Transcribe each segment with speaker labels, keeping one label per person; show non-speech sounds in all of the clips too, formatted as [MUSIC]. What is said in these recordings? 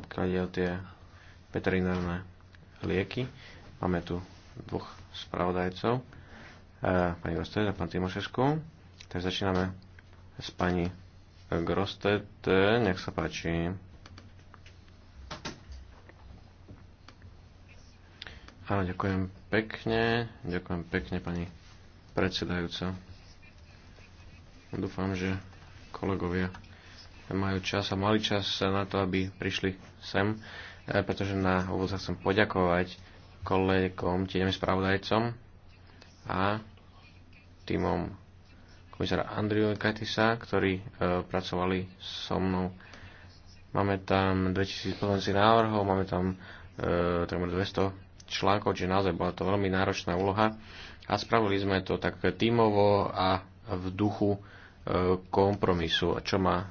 Speaker 1: pokiaľ ide o tie veterinárne lieky. Máme tu dvoch spravodajcov, e, pani Grosted a pán Timošesku. Takže začíname s pani Grosted. E, nech sa páči. Áno, ďakujem pekne. Ďakujem pekne, pani predsedajúca. Dúfam, že kolegovia majú čas a mali čas na to, aby prišli sem, e, pretože na úvod sa chcem poďakovať kolegom, tieňom spravodajcom a týmom komisára Andriu Katisa, ktorí e, pracovali so mnou. Máme tam 2000 pozornosti návrhov, máme tam e, takmer 200 článkov, čiže naozaj bola to veľmi náročná úloha a spravili sme to tak tímovo a v duchu kompromisu, čo ma e,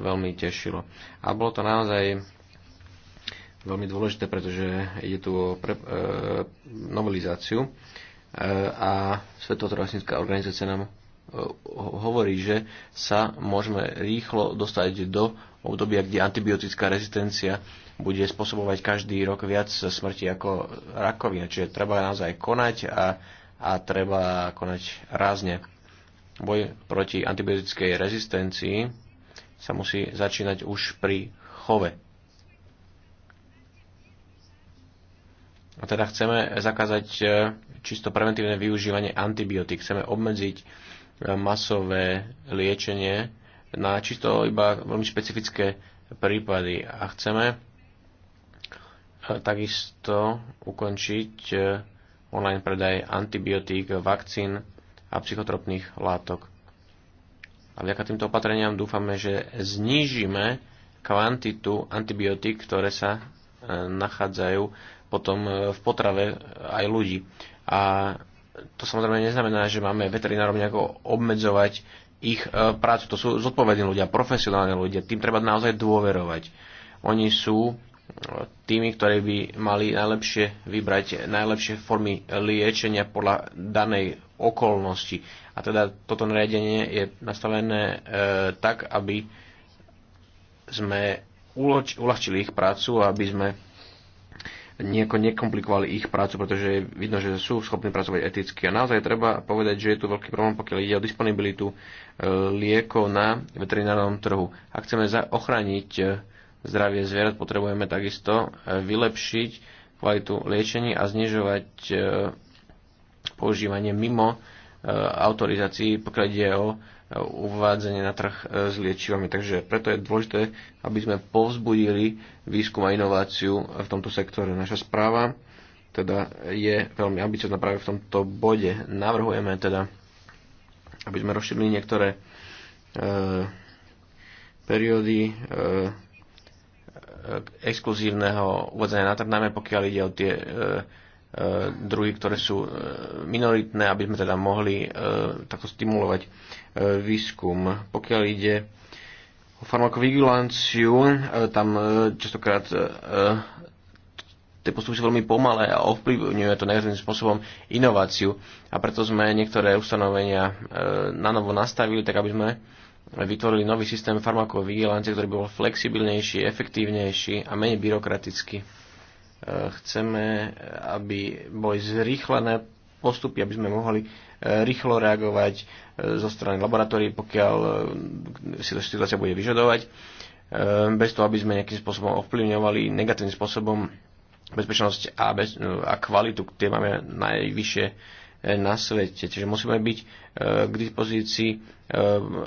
Speaker 1: veľmi tešilo. A bolo to naozaj veľmi dôležité, pretože ide tu o pre, e, novelizáciu e, a Svetotrasnická organizácia nám hovorí, že sa môžeme rýchlo dostať do obdobia, kde antibiotická rezistencia bude spôsobovať každý rok viac smrti ako rakovina. Čiže treba naozaj konať a, a treba konať rázne. Boj proti antibiotickej rezistencii sa musí začínať už pri chove. A teda chceme zakázať e, čisto preventívne využívanie antibiotík. Chceme obmedziť e, masové liečenie na čisto iba veľmi špecifické prípady. A chceme e, takisto ukončiť online predaj antibiotík, vakcín a psychotropných látok. A vďaka týmto opatreniam dúfame, že znížime kvantitu antibiotík, ktoré sa e, nachádzajú potom e, v potrave aj ľudí. A to samozrejme neznamená, že máme veterinárom nejako obmedzovať ich e, prácu. To sú zodpovední ľudia, profesionálne ľudia. Tým treba naozaj dôverovať. Oni sú tými, ktorí by mali najlepšie vybrať najlepšie formy liečenia podľa danej okolnosti. A teda toto nariadenie je nastavené e, tak, aby sme uloč, uľahčili ich prácu, aby sme nieko nekomplikovali ich prácu, pretože je vidno, že sú schopní pracovať eticky. A naozaj treba povedať, že je tu veľký problém, pokiaľ ide o disponibilitu e, liekov na veterinárnom trhu. Ak chceme ochrániť e, zdravie zvierat, potrebujeme takisto e, vylepšiť kvalitu liečení a znižovať používanie mimo e, autorizácií, pokiaľ ide o e, uvádzanie na trh e, s liečivami. Takže preto je dôležité, aby sme povzbudili výskum a inováciu v tomto sektore. Naša správa teda je veľmi ambiciozná práve v tomto bode. Navrhujeme teda, aby sme rozšírili niektoré e, periódy e, exkluzívneho uvádzania na trh, najmä pokiaľ ide o tie e, E, druhy, ktoré sú e, minoritné, aby sme teda mohli e, takto stimulovať výskum. Pokiaľ ide o farmakovigilanciu, tam častokrát tie postupy sú veľmi pomalé a ovplyvňuje to nejakým spôsobom inováciu. A preto sme niektoré ustanovenia na novo nastavili, tak aby sme vytvorili nový systém farmakovigilancie, ktorý bol flexibilnejší, efektívnejší a menej byrokratický. Chceme, aby boli zrýchlené postupy, aby sme mohli e, rýchlo reagovať e, zo strany laboratórií, pokiaľ e, si to situácia bude vyžadovať, bez toho, aby sme nejakým spôsobom ovplyvňovali negatívnym spôsobom bezpečnosť a, bez, a kvalitu, tie máme najvyššie na svete. Čiže musíme byť k dispozícii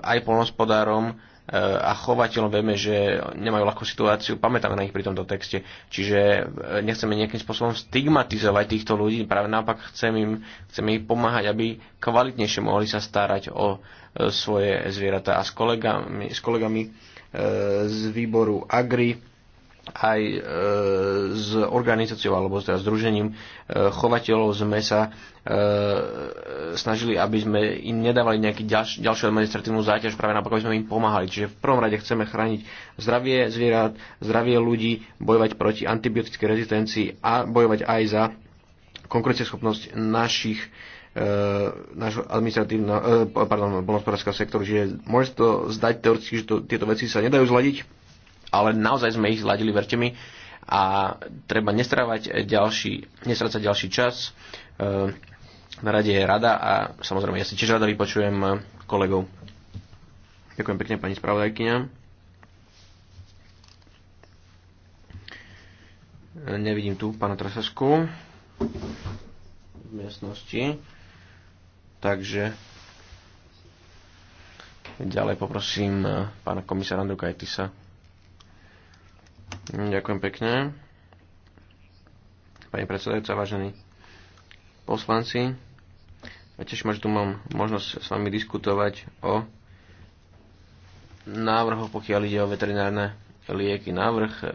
Speaker 1: aj polnospodárom, a chovateľom vieme, že nemajú ľahkú situáciu, pamätáme na nich pri tomto texte. Čiže e, nechceme nejakým spôsobom stigmatizovať týchto ľudí, práve naopak chceme im, chcem ich pomáhať, aby kvalitnejšie mohli sa starať o e, svoje zvieratá. A s kolegami, s kolegami e, z výboru Agri aj e, s organizáciou alebo teda združením e, chovateľov sme sa e, snažili, aby sme im nedávali nejakú ďalš, ďalšiu administratívnu záťaž, práve naopak, aby sme im pomáhali. Čiže v prvom rade chceme chrániť zdravie zvierat, zdravie ľudí, bojovať proti antibiotickej rezistencii a bojovať aj za konkurencieschopnosť našich nášho administratívneho, pardon, polnospodárskeho sektoru, že môže to zdať teoreticky, že to, tieto veci sa nedajú zladiť, ale naozaj sme ich zladili, verte mi, a treba nestrávať ďalší, nestrácať ďalší čas. E, na rade je rada a samozrejme ja si tiež rada vypočujem kolegov. Ďakujem pekne pani spravodajkyňa. Nevidím tu pána Trasesku v miestnosti. Takže ďalej poprosím pána komisára Andruka Etisa. Ďakujem pekne. Pani predsedajúca, vážení poslanci, ja tiež že tu mám možnosť s vami diskutovať o návrhoch, pokiaľ ide o veterinárne lieky. Návrh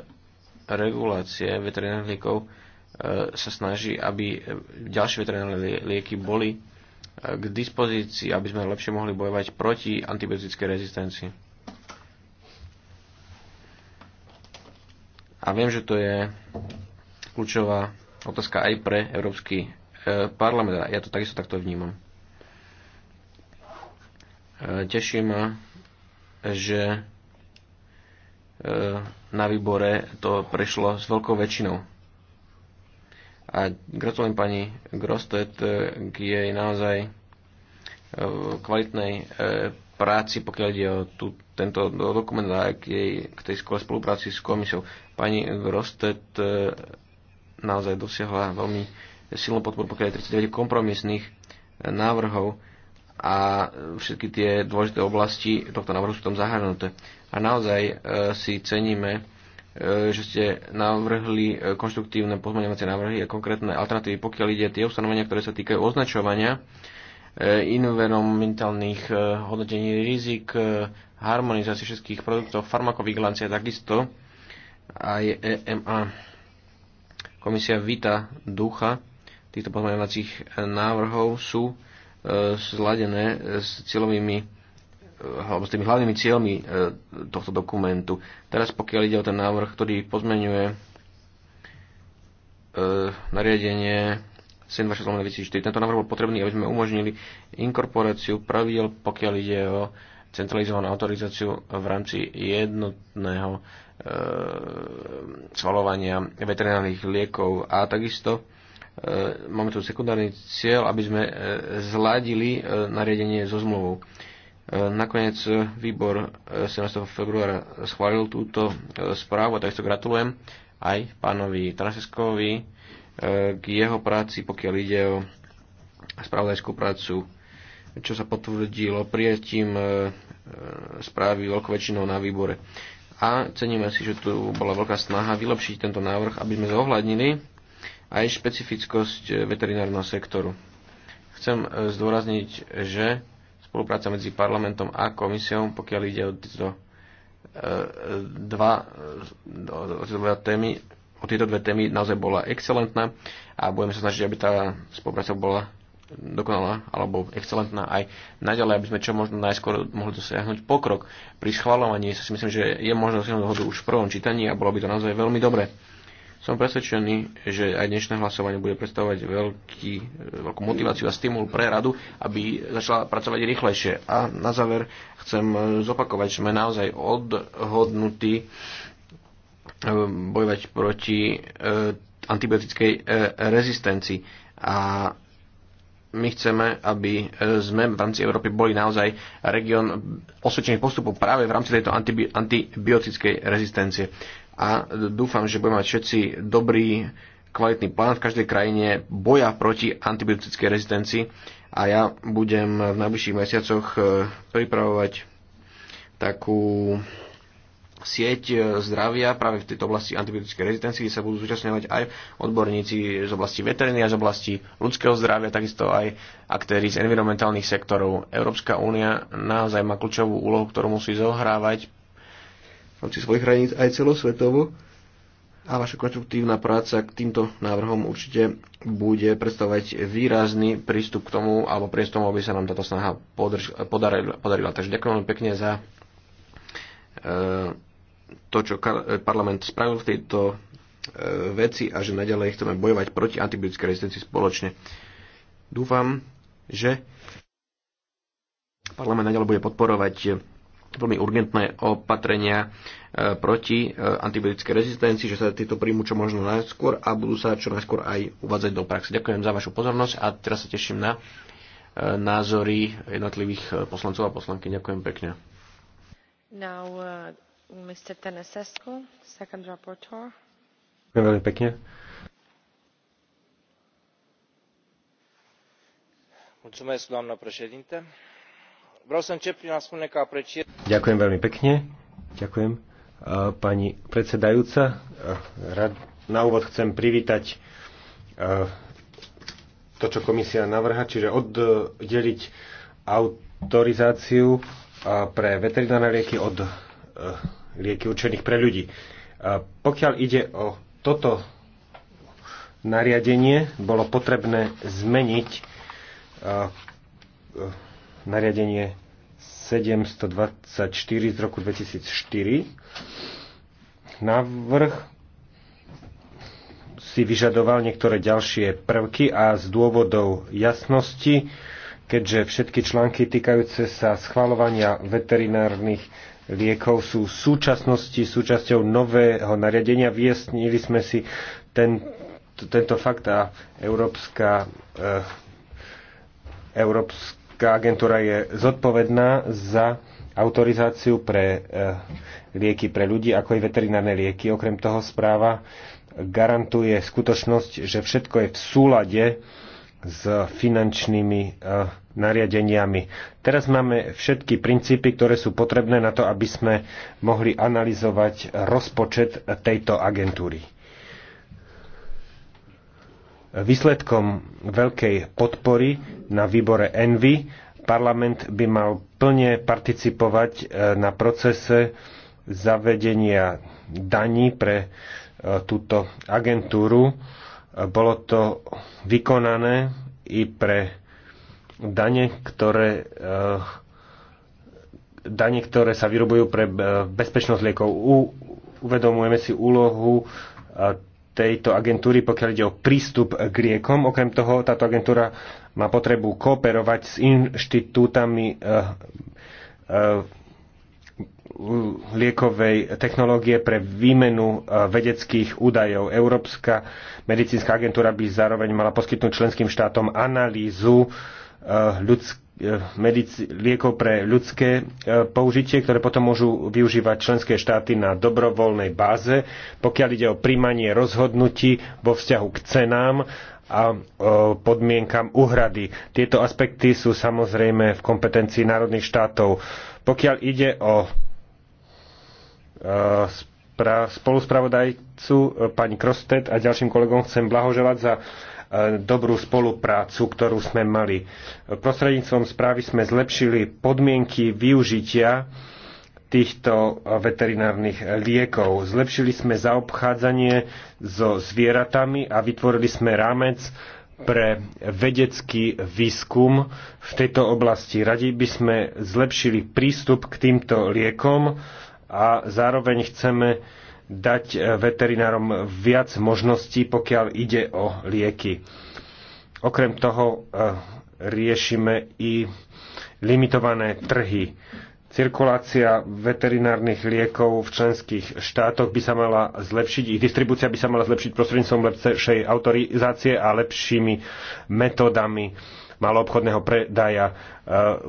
Speaker 1: regulácie veterinárnych liekov e, sa snaží, aby ďalšie veterinárne lieky boli e, k dispozícii, aby sme lepšie mohli bojovať proti antibiotickej rezistencii. A viem, že to je kľúčová otázka aj pre Európsky e, parlament. Ja to takisto takto vnímam. E, teší ma, že e, na výbore to prešlo s veľkou väčšinou. A gratulujem pani Grostet k jej naozaj kvalitnej práci, pokiaľ ide o tú, tento dokument a k, jej, k tej skôr spolupráci s komisiou. Pani Grostet e, naozaj dosiahla veľmi silnú podporu, pokiaľ je 39 kompromisných e, návrhov a všetky tie dôležité oblasti tohto návrhu sú tam zahrnuté. A naozaj e, si ceníme, že ste navrhli konštruktívne pozmeňovacie návrhy a konkrétne alternatívy, pokiaľ ide tie ustanovenia, ktoré sa týkajú označovania environmentálnych hodnotení rizik, harmonizácie všetkých produktov, farmakovigilancia takisto aj EMA. Komisia Vita ducha týchto pozmeňovacích návrhov sú e, zladené s cieľovými e, alebo s tými hlavnými cieľmi e, tohto dokumentu. Teraz pokiaľ ide o ten návrh, ktorý pozmenuje nariadenie 726 Tento návrh bol potrebný, aby sme umožnili inkorporáciu pravidel, pokiaľ ide o centralizovanú autorizáciu v rámci jednotného e, veterinárnych liekov a takisto e, máme tu sekundárny cieľ, aby sme e, zladili e, nariadenie so zmluvou. E, nakoniec výbor 17. E, februára schválil túto e, správu a takisto gratulujem aj pánovi Traseskovi e, k jeho práci, pokiaľ ide o spravodajskú prácu čo sa potvrdilo prijatím e, e, správy veľkou väčšinou na výbore. A ceníme si, že tu bola veľká snaha vylepšiť tento návrh, aby sme zohľadnili aj špecifickosť e, veterinárneho sektoru. Chcem zdôrazniť, že spolupráca medzi parlamentom a komisiou, pokiaľ ide o tieto dva, o tieto témy, o tieto dve témy naozaj bola excelentná a budeme sa snažiť, aby tá spolupráca bola dokonalá alebo excelentná aj naďalej, aby sme čo možno najskôr mohli dosiahnuť pokrok. Pri schvalovaní si myslím, že je možné dosiahnuť dohodu už v prvom čítaní a bolo by to naozaj veľmi dobré. Som presvedčený, že aj dnešné hlasovanie bude predstavovať veľký, veľkú motiváciu a stimul pre radu, aby začala pracovať rýchlejšie. A na záver chcem zopakovať, že sme naozaj odhodnutí eh, bojovať proti eh, antibiotickej eh, rezistencii. A my chceme, aby e, sme v rámci Európy boli naozaj región osvedčených postupov práve v rámci tejto antibi- antibiotickej rezistencie. A dúfam, že budeme mať všetci dobrý, kvalitný plán v každej krajine boja proti antibiotickej rezistencii a ja budem v najbližších mesiacoch e, pripravovať takú sieť e, zdravia práve v tejto oblasti antibiotickej rezistencie, kde sa budú zúčastňovať aj odborníci z oblasti veteriny a z oblasti ľudského zdravia, takisto aj aktéry z environmentálnych sektorov. Európska únia naozaj má kľúčovú úlohu, ktorú musí zohrávať v rámci svojich hraníc aj celosvetovo a vaša konštruktívna práca k týmto návrhom určite bude predstavovať výrazný prístup k tomu, alebo priestor, aby sa nám táto snaha podarila, Takže ďakujem veľmi pekne za e, to, čo parlament spravil v tejto e, veci a že naďalej chceme bojovať proti antibiotické rezistencii spoločne. Dúfam, že parlament naďalej bude podporovať veľmi urgentné opatrenia e, proti e, antibiotické rezistencii, že sa tieto príjmu čo možno najskôr a budú sa čo najskôr aj uvádzať do praxe. Ďakujem za vašu pozornosť a teraz sa teším na názory jednotlivých poslancov a poslanky. Ďakujem pekne. Now, uh... Ďakujem veľmi pekne. Mulțumesc, doamnă președinte. Vreau să încep prin a spune că apreciez...
Speaker 2: Ďakujem veľmi pekne. Ďakujem. Pani predsedajúca, rad, na úvod chcem privítať to, čo komisia navrha, čiže oddeliť autorizáciu pre veterinárne lieky od lieky určených pre ľudí. Pokiaľ ide o toto nariadenie, bolo potrebné zmeniť e, nariadenie 724 z roku 2004. Návrh si vyžadoval niektoré ďalšie prvky a z dôvodov jasnosti keďže všetky články týkajúce sa schvalovania veterinárnych liekov sú v súčasnosti súčasťou nového nariadenia. Vyjasnili sme si ten, tento fakt a Európska, e, Európska agentúra je zodpovedná za autorizáciu pre e, lieky pre ľudí, ako aj veterinárne lieky. Okrem toho správa garantuje skutočnosť, že všetko je v súlade s finančnými eh, nariadeniami. Teraz máme všetky princípy, ktoré sú potrebné na to, aby sme mohli analyzovať rozpočet tejto agentúry. Výsledkom veľkej podpory na výbore Envy parlament by mal plne participovať eh, na procese zavedenia daní pre eh, túto agentúru bolo to vykonané i pre dane, ktoré eh, dane, ktoré sa vyrobujú pre eh, bezpečnosť liekov. U, uvedomujeme si úlohu eh, tejto agentúry, pokiaľ ide o prístup k liekom. Okrem toho, táto agentúra má potrebu kooperovať s inštitútami liekovej technológie pre výmenu e, vedeckých údajov. Európska medicínska agentúra by zároveň mala poskytnúť členským štátom analýzu e, ľudských e, liekov pre ľudské použitie, ktoré potom môžu využívať členské štáty na dobrovoľnej báze, pokiaľ ide o príjmanie rozhodnutí vo vzťahu k cenám a podmienkam uhrady. Tieto aspekty sú samozrejme v kompetencii národných štátov. Pokiaľ ide o spoluspravodajcu e, pani Krostet a ďalším kolegom chcem blahoželať za e, dobrú spoluprácu, ktorú sme mali. Prostredníctvom správy sme zlepšili podmienky využitia týchto veterinárnych liekov. Zlepšili sme zaobchádzanie so zvieratami a vytvorili sme rámec pre vedecký výskum v tejto oblasti. Radi by sme zlepšili prístup k týmto liekom a zároveň chceme dať e, veterinárom viac možností, pokiaľ ide o lieky. Okrem toho e, riešime i limitované trhy. Cirkulácia veterinárnych liekov v členských štátoch by sa mala zlepšiť, ich distribúcia by sa mala zlepšiť prostredníctvom lepšej autorizácie a lepšími metódami maloobchodného predaja. E,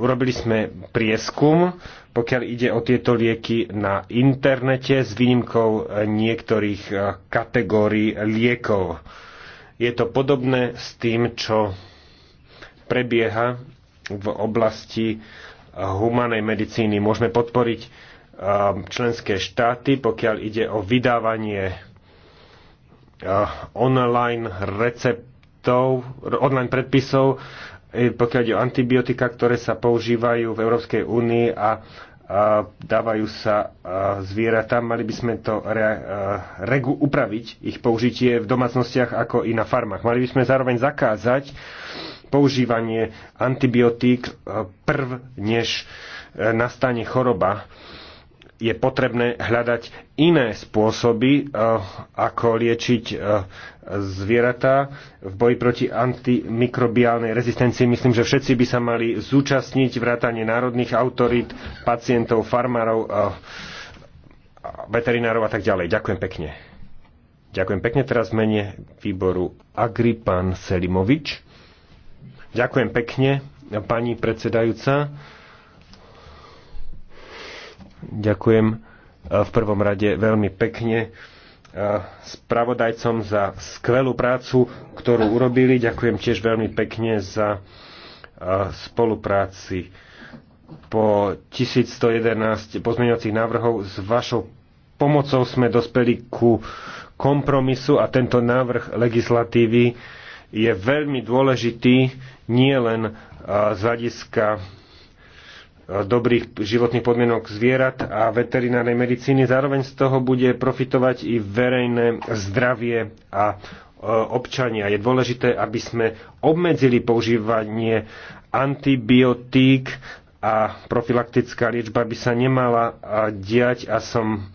Speaker 2: urobili sme prieskum pokiaľ ide o tieto lieky na internete s výnimkou niektorých eh, kategórií liekov. Je to podobné s tým, čo prebieha v oblasti eh, humanej medicíny. Môžeme podporiť eh, členské štáty, pokiaľ ide o vydávanie online receptov, online predpisov E, pokiaľ ide o antibiotika, ktoré sa používajú v Európskej únii a, a dávajú sa zvieratám, mali by sme to re, regu, upraviť, ich použitie v domácnostiach ako i na farmách. Mali by sme zároveň zakázať používanie antibiotík e, prv, než e, nastane choroba je potrebné hľadať iné spôsoby, eh, ako liečiť eh, zvieratá v boji proti antimikrobiálnej rezistencii. Myslím, že všetci by sa mali zúčastniť vrátanie národných autorít, pacientov, farmárov, eh, veterinárov a tak ďalej. Ďakujem pekne. Ďakujem pekne teraz v mene výboru Agri, pán Selimovič. Ďakujem pekne, pani predsedajúca. Ďakujem e, v prvom rade veľmi pekne e, spravodajcom za skvelú prácu, ktorú urobili. Ďakujem tiež veľmi pekne za e, spolupráci. Po 1111 pozmeňovacích návrhov s vašou pomocou sme dospeli ku kompromisu a tento návrh legislatívy je veľmi dôležitý nie len z hľadiska dobrých životných podmienok zvierat a veterinárnej medicíny. Zároveň z toho bude profitovať i verejné zdravie a e, občania. Je dôležité, aby sme obmedzili používanie antibiotík a profilaktická liečba by sa nemala e, diať a som,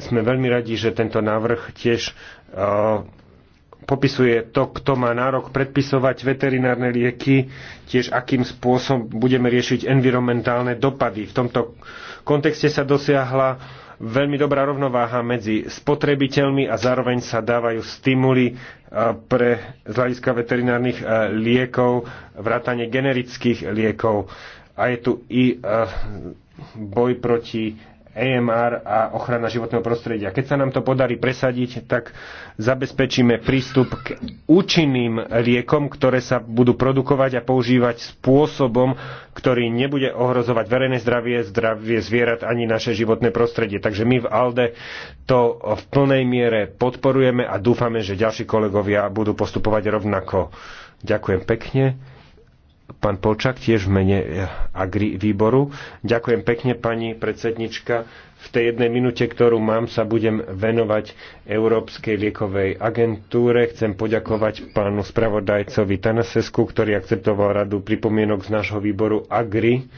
Speaker 2: sme veľmi radi, že tento návrh tiež e, popisuje to, kto má nárok predpisovať veterinárne lieky, tiež akým spôsobom budeme riešiť environmentálne dopady. V tomto kontexte sa dosiahla veľmi dobrá rovnováha medzi spotrebiteľmi a zároveň sa dávajú stimuly e, pre z hľadiska veterinárnych e, liekov, vrátanie generických liekov. A je tu i e, boj proti EMR a ochrana životného prostredia. Keď sa nám to podarí presadiť, tak zabezpečíme prístup k účinným liekom, ktoré sa budú produkovať a používať spôsobom, ktorý nebude ohrozovať verejné zdravie, zdravie zvierat ani naše životné prostredie. Takže my v ALDE to v plnej miere podporujeme a dúfame, že ďalší kolegovia budú postupovať rovnako. Ďakujem pekne pán Polčak tiež v mene eh, Agri výboru. Ďakujem pekne, pani predsednička. V tej jednej minúte, ktorú mám, sa budem venovať Európskej liekovej agentúre. Chcem poďakovať pánu spravodajcovi Tanasesku, ktorý akceptoval radu pripomienok z nášho výboru Agri.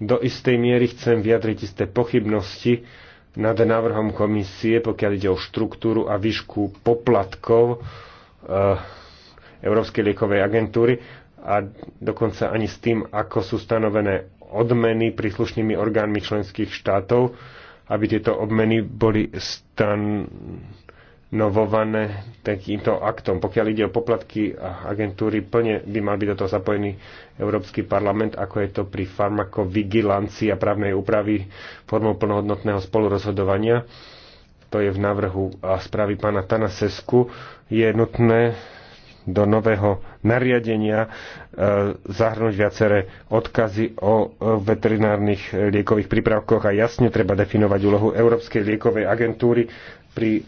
Speaker 2: Do istej miery chcem vyjadriť isté pochybnosti nad návrhom komisie, pokiaľ ide o štruktúru a výšku poplatkov eh, Európskej liekovej agentúry a dokonca ani s tým, ako sú stanovené odmeny príslušnými orgánmi členských štátov, aby tieto obmeny boli stanovované takýmto aktom. Pokiaľ ide o poplatky a agentúry, plne by mal byť do toho zapojený Európsky parlament, ako je to pri farmakovigilancii a právnej úpravy formou plnohodnotného spolurozhodovania. To je v návrhu správy pána Tanasesku. Je nutné do nového nariadenia e, zahrnúť viaceré odkazy o e, veterinárnych e, liekových prípravkoch a jasne treba definovať úlohu Európskej liekovej agentúry pri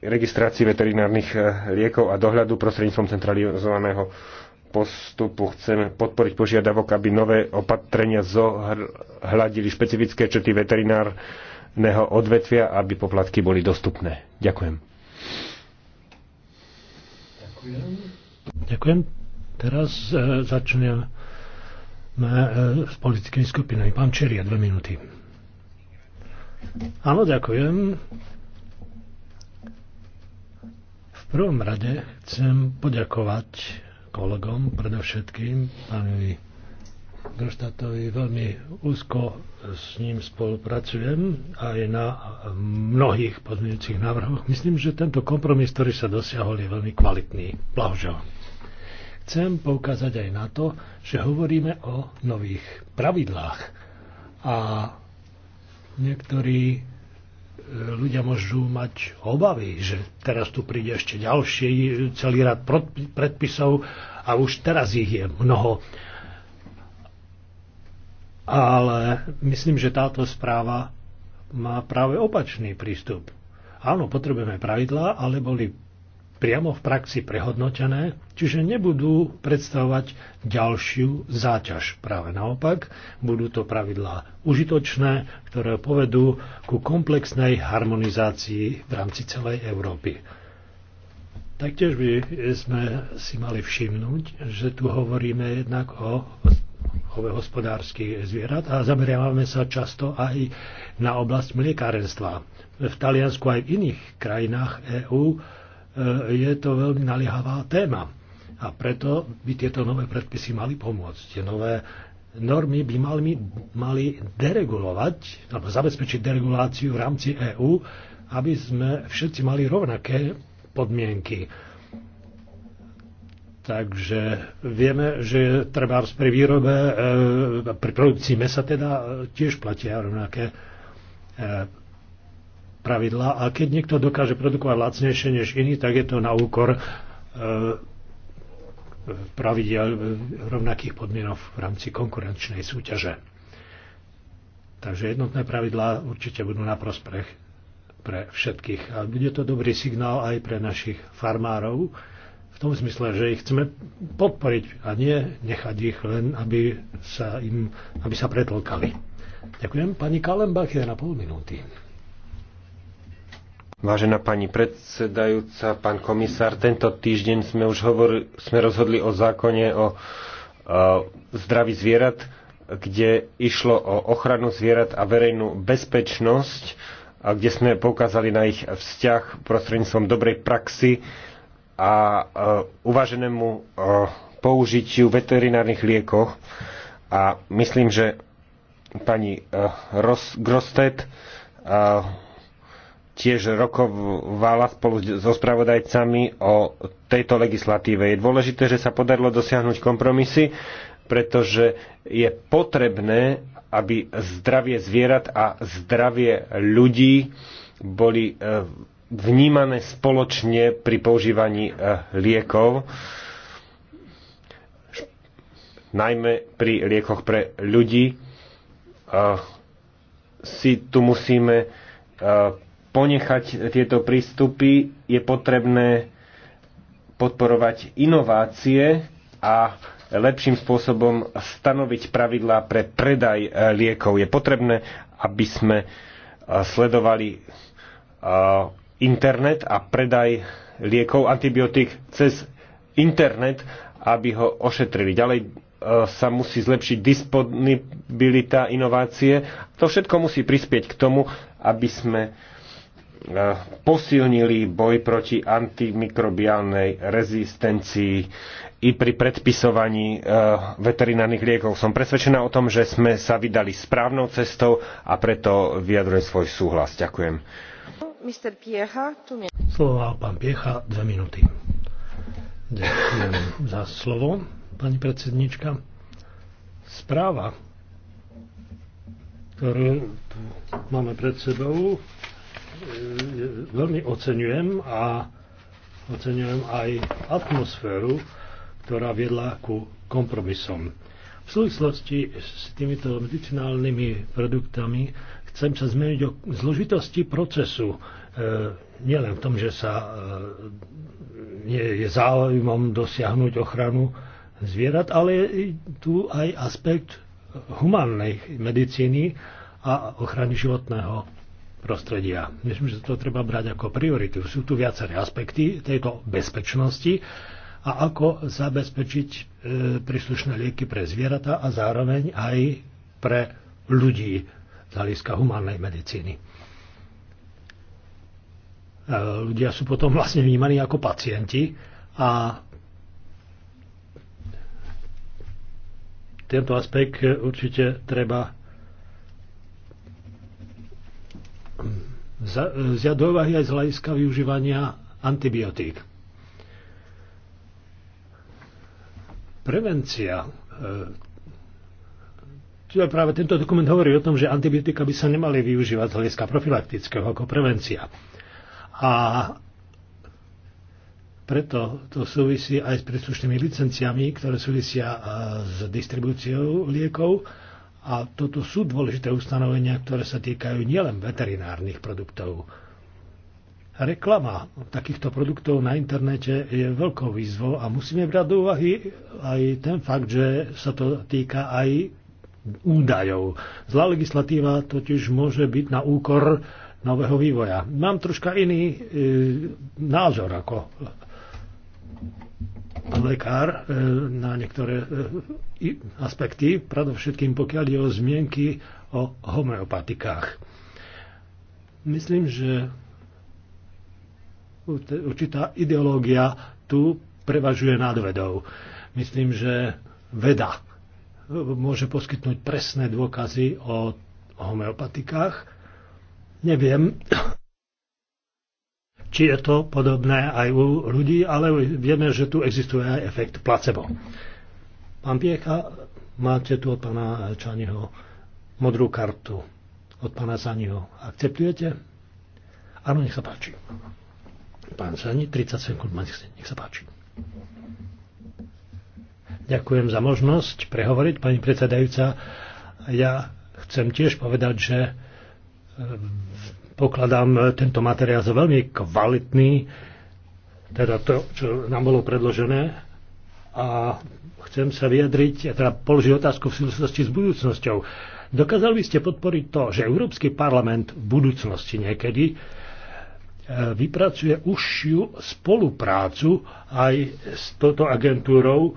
Speaker 2: registrácii veterinárnych liekov a dohľadu prostredníctvom centralizovaného postupu chceme podporiť požiadavok, aby nové opatrenia zohľadili špecifické črty veterinárneho odvetvia, aby poplatky boli dostupné. Ďakujem.
Speaker 3: Ďakujem. Ďakujem. Teraz e, začnem e, s politickými skupinami. Pán Čeria, dve minúty. Áno, ďakujem. V prvom rade chcem poďakovať kolegom, predovšetkým pánovi Grštatovi veľmi úzko s ním spolupracujem aj na mnohých pozmeňujúcich návrhoch. Myslím, že tento kompromis, ktorý sa dosiahol, je veľmi kvalitný. Blahožel. Chcem poukázať aj na to, že hovoríme o nových pravidlách a niektorí e, ľudia môžu mať obavy, že teraz tu príde ešte ďalší celý rad predpisov a už teraz ich je mnoho. Ale myslím, že táto správa má práve opačný prístup. Áno, potrebujeme pravidlá, ale boli priamo v praxi prehodnotené, čiže nebudú predstavovať ďalšiu záťaž. Práve naopak, budú to pravidlá užitočné, ktoré povedú ku komplexnej harmonizácii v rámci celej Európy. Taktiež by sme si mali všimnúť, že tu hovoríme jednak o chove hospodárskych zvierat a zameriavame sa často aj na oblasť mliekárenstva. V Taliansku aj v iných krajinách EÚ e, je to veľmi naliehavá téma. A preto by tieto nové predpisy mali pomôcť. Tie nové normy by mali, mali deregulovať, alebo zabezpečiť dereguláciu v rámci EÚ, aby sme všetci mali rovnaké podmienky Takže vieme, že treba pri výrobe, e, pri produkcii mesa teda e, tiež platia rovnaké e, pravidla. A keď niekto dokáže produkovať lacnejšie než iný, tak je to na úkor pravidel rovnakých podmienok v rámci konkurenčnej súťaže. Takže jednotné pravidlá určite budú na prospech pre všetkých. A bude to dobrý signál aj pre našich farmárov, v tom smysle, že ich chceme podporiť a nie nechať ich len, aby sa, im, aby sa pretlkali. Ďakujem. Pani Kalembach je na pol minúty.
Speaker 2: Vážená pani predsedajúca, pán komisár, tento týždeň sme už hovor, sme rozhodli o zákone o, o zdraví zvierat, kde išlo o ochranu zvierat a verejnú bezpečnosť a kde sme poukázali na ich vzťah prostredníctvom dobrej praxi a e, uvaženému e, použitiu veterinárnych liekoch. A myslím, že pani e, Grostet tiež rokovala spolu so spravodajcami o tejto legislatíve. Je dôležité, že sa podarilo dosiahnuť kompromisy, pretože je potrebné, aby zdravie zvierat a zdravie ľudí boli vnímané spoločne pri používaní eh, liekov, najmä pri liekoch pre ľudí, si tu musíme eh, ponechať tieto prístupy. Je potrebné podporovať inovácie a lepším spôsobom stanoviť pravidlá pre predaj eh, liekov. Je potrebné, aby sme sledovali internet a predaj liekov antibiotík cez internet, aby ho ošetrili. Ďalej e, sa musí zlepšiť disponibilita inovácie. To všetko musí prispieť k tomu, aby sme e, posilnili boj proti antimikrobiálnej rezistencii i pri predpisovaní e, veterinárnych liekov. Som presvedčená o tom, že sme sa vydali správnou cestou a preto vyjadrujem svoj súhlas. Ďakujem
Speaker 3: slovo má pán Piecha, dve minúty. Ďakujem za slovo, pani predsednička. Správa, ktorú tu máme pred sebou, e, veľmi oceňujem a oceňujem aj atmosféru, ktorá viedla ku kompromisom. V súvislosti s týmito medicinálnymi produktami chcem sa zmeniť o zložitosti procesu. E, nielen v tom, že sa je, je záujmom dosiahnuť ochranu zvierat, ale je tu aj aspekt humánnej medicíny a ochrany životného prostredia. Myslím, že to treba brať ako prioritu. Sú tu viaceré aspekty tejto bezpečnosti a ako zabezpečiť e, príslušné lieky pre zvieratá a zároveň aj pre ľudí z hľadiska humánnej medicíny. E, ľudia sú potom vlastne vnímaní ako pacienti a tento aspekt určite treba vziať do aj z hľadiska využívania antibiotík. Prevencia e, práve tento dokument hovorí o tom, že antibiotika by sa nemali využívať z hľadiska profilaktického ako prevencia. A preto to súvisí aj s príslušnými licenciami, ktoré súvisia e, s distribúciou liekov. A toto sú dôležité ustanovenia, ktoré sa týkajú nielen veterinárnych produktov. Reklama takýchto produktov na internete je veľkou výzvou a musíme brať do úvahy aj ten fakt, že sa to týka aj údajov. Zlá legislatíva totiž môže byť na úkor nového vývoja. Mám troška iný e, názor ako lekár e, na niektoré e, aspekty, predovšetkým pokiaľ je o zmienky o homeopatikách. Myslím, že určitá ideológia tu prevažuje nad vedou. Myslím, že veda môže poskytnúť presné dôkazy o homeopatikách. Neviem, či je to podobné aj u ľudí, ale vieme, že tu existuje aj efekt placebo. Pán Piecha, máte tu od pána Čaniho modrú kartu. Od pána Zaniho. Akceptujete? Áno, nech sa páči. Pán Zani, 30 sekúnd, nech sa páči. Ďakujem za možnosť prehovoriť, pani predsedajúca. Ja chcem tiež povedať, že e, pokladám e, tento materiál za veľmi kvalitný, teda to, čo nám bolo predložené. A chcem sa vyjadriť, teda položiť otázku v súvislosti s budúcnosťou. Dokázali by ste podporiť to, že Európsky parlament v budúcnosti niekedy e, vypracuje užšiu spoluprácu aj s touto agentúrou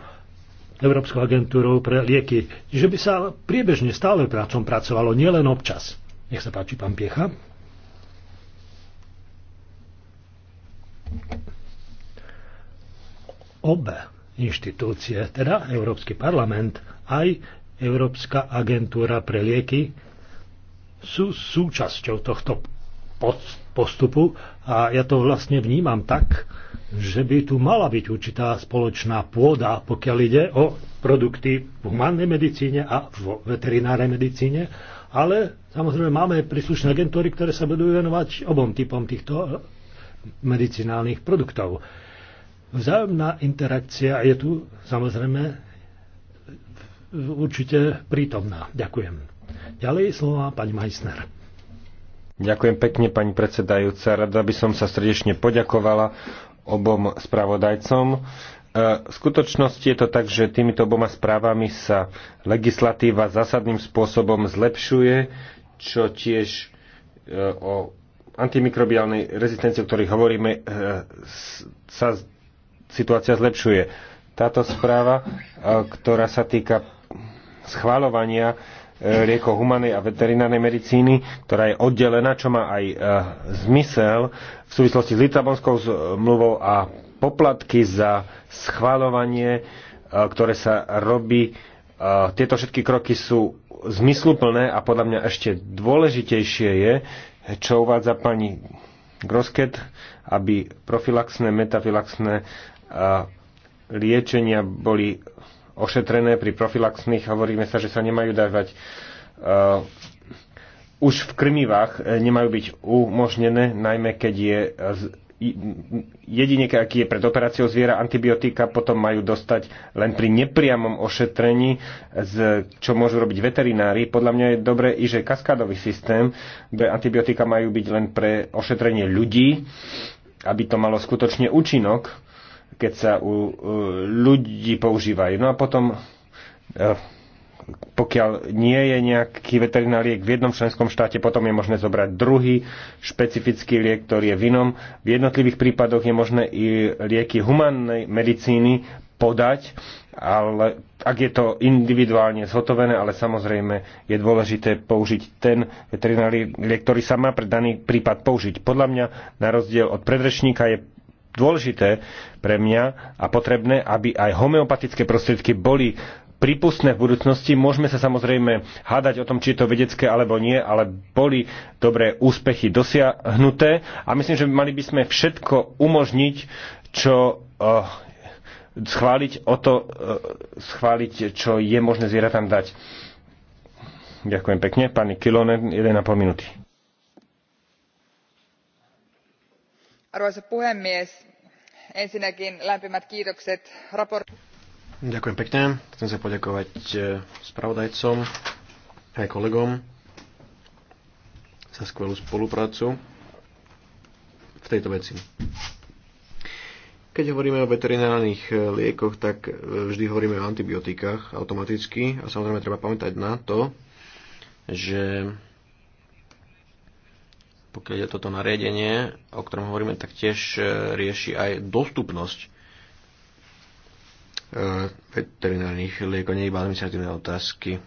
Speaker 3: Európskou agentúrou pre lieky, že by sa priebežne stále prácom pracovalo, nielen občas. Nech sa páči, pán Piecha. Obe inštitúcie, teda Európsky parlament aj Európska agentúra pre lieky, sú súčasťou tohto postupu a ja to vlastne vnímam tak, že by tu mala byť určitá spoločná pôda, pokiaľ ide o produkty v humánnej medicíne a v veterinárnej medicíne, ale samozrejme máme príslušné agentúry, ktoré sa budú venovať obom typom týchto medicinálnych produktov. Vzájomná interakcia je tu samozrejme určite prítomná. Ďakujem. Ďalej slova pani Meissner.
Speaker 2: Ďakujem pekne, pani predsedajúca. Rada by som sa srdečne poďakovala obom spravodajcom. E, v skutočnosti je to tak, že týmito oboma správami sa legislatíva zásadným spôsobom zlepšuje, čo tiež e, o antimikrobiálnej rezistencii, o ktorej hovoríme, e, sa situácia zlepšuje. Táto správa, ktorá sa týka schváľovania liekov e, humanej a veterinárnej medicíny, ktorá je oddelená, čo má aj e, zmysel v súvislosti s Lisabonskou zmluvou e, a poplatky za schváľovanie, ktoré sa robí. Tieto všetky kroky sú zmysluplné a podľa mňa ešte dôležitejšie je, čo uvádza pani Grosket, aby profilaxné, metafilaxné liečenia boli ošetrené pri profilaxných, hovoríme sa, že sa nemajú dávať uh, už v krmivách eh, nemajú byť umožnené, najmä keď je eh, jedine, aký je pred operáciou zviera antibiotika, potom majú dostať len pri nepriamom ošetrení, eh, z, čo môžu robiť veterinári. Podľa mňa je dobré i, že kaskádový systém, kde antibiotika majú byť len pre ošetrenie ľudí, aby to malo skutočne účinok keď sa u ľudí používajú. No a potom, e, pokiaľ nie je nejaký veterinár liek v jednom členskom štáte, potom je možné zobrať druhý špecifický liek, ktorý je v inom. V jednotlivých prípadoch je možné i lieky humannej medicíny podať, ale ak je to individuálne zhotovené, ale samozrejme je dôležité použiť ten veterinárny liek, ktorý sa má pre daný prípad použiť. Podľa mňa, na rozdiel od predrečníka, je dôležité pre mňa a potrebné, aby aj homeopatické prostriedky boli prípustné v budúcnosti. Môžeme sa samozrejme hádať o tom, či je to vedecké alebo nie, ale boli dobré úspechy dosiahnuté a myslím, že mali by sme všetko umožniť, čo uh, schváliť o to, uh, schváliť, čo je možné zvieratám dať. Ďakujem pekne. Pani Kilonen, 1,5 minúty. arvoisa puhemies ensinnäkin lämpimät kiitokset
Speaker 1: Ďakujem pekne. Chcem sa poďakovať e, spravodajcom aj kolegom za skvelú spoluprácu v tejto veci. Keď hovoríme o veterinárnych e, liekoch, tak e, vždy hovoríme o antibiotikách automaticky a samozrejme treba pamätať na to, že pokiaľ je toto nariadenie, o ktorom hovoríme, tak tiež e, rieši aj dostupnosť e, veterinárnych liekov, nie iba administratívne otázky.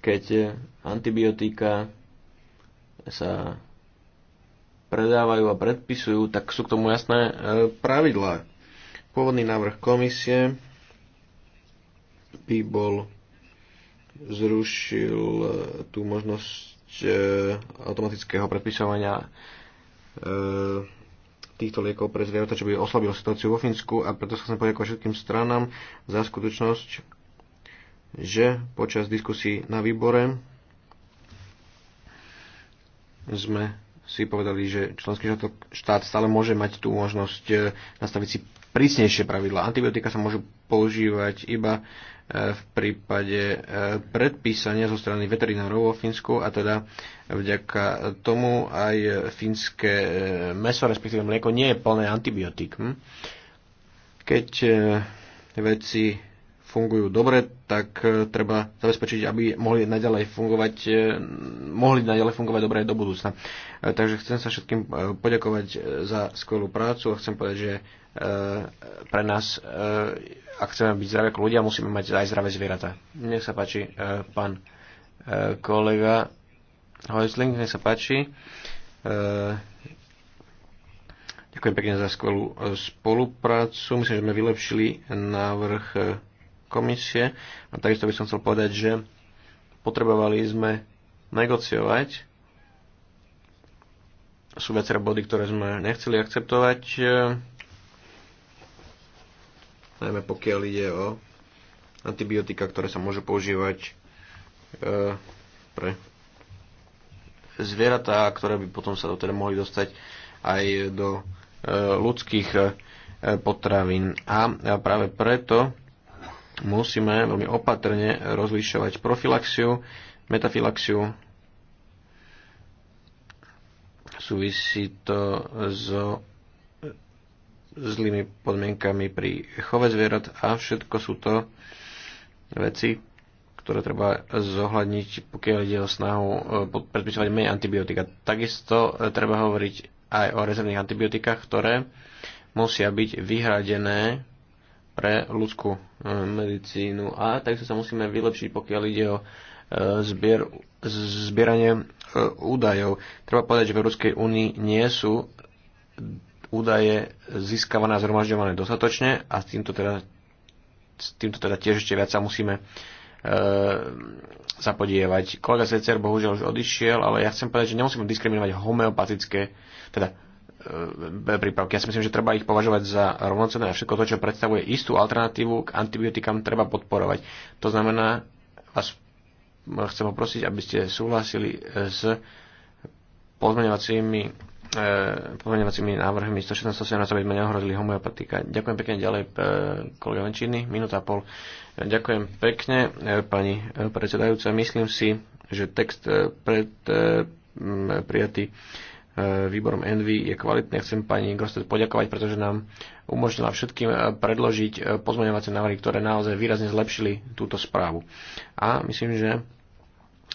Speaker 1: Keď e, antibiotika sa predávajú a predpisujú, tak sú k tomu jasné pravidlá. Pôvodný návrh komisie by bol zrušil tú možnosť E, automatického predpisovania e, týchto liekov pre zvieratá, čo by oslabilo situáciu vo Fínsku a preto sa chcem poďakovať všetkým stranám za skutočnosť, že počas diskusí na výbore sme si povedali, že členský štát stále môže mať tú možnosť e, nastaviť si prísnejšie pravidla. Antibiotika sa môžu používať iba v prípade e, predpísania zo strany veterinárov vo Fínsku a teda vďaka tomu aj fínske e, meso, respektíve mlieko, nie je plné antibiotík. Hm? Keď e, veci fungujú dobre, tak e, treba zabezpečiť, aby mohli naďalej fungovať, e, mohli naďalej fungovať dobre aj do budúcna. E, takže chcem sa všetkým poďakovať za skvelú prácu a chcem povedať, že pre nás, ak chceme byť zdraví ako ľudia, musíme mať aj zdravé zvieratá. Nech sa páči, pán kolega Hojsling, nech sa páči. Ďakujem pekne za skvelú spoluprácu. Myslím, že sme vylepšili návrh komisie. A takisto by som chcel povedať, že potrebovali sme negociovať. Sú viaceré body, ktoré sme nechceli akceptovať, e, najmä pokiaľ ide o antibiotika, ktoré sa môžu používať e, pre zvieratá, ktoré by potom sa teda mohli dostať aj do e, ľudských potravín. A práve preto musíme veľmi opatrne rozlišovať profilaxiu, metafilaxiu. Súvisí to so zlými podmienkami pri chove zvierat a všetko sú to veci, ktoré treba zohľadniť, pokiaľ ide o snahu e, predpisovať menej antibiotika. Takisto e, treba hovoriť aj o rezervných antibiotikách, ktoré musia byť vyhradené pre ľudskú e, medicínu. A takisto sa musíme vylepšiť, pokiaľ ide o e, zbier, zbieranie e, údajov. Treba povedať, že v Európskej únii nie sú údaje získavané a zhromažďované dostatočne a s týmto teda, s týmto teda tiež ešte viac sa musíme e, zapodievať. Kolega Secer bohužiaľ už odišiel, ale ja chcem povedať, že nemusíme diskriminovať homeopatické, teda E, prípravky. Ja si myslím, že treba ich považovať za rovnocené a všetko to, čo predstavuje istú alternatívu k antibiotikám, treba podporovať. To znamená, vás chcem poprosiť, aby ste súhlasili e, s pozmeňovacími, e, pozmeňovacími návrhmi 116 aby sme neohrozili homeopatika. Ďakujem pekne ďalej, e, kolega Venčíny, minúta a pol. Ďakujem pekne, e, pani e, predsedajúca. Myslím si, že text pred, e, prijatý e, výborom Envy je kvalitný. Chcem pani Grosted poďakovať, pretože nám umožnila všetkým eh, predložiť eh, pozmeňovacie návrhy, ktoré naozaj výrazne zlepšili túto správu. A myslím, že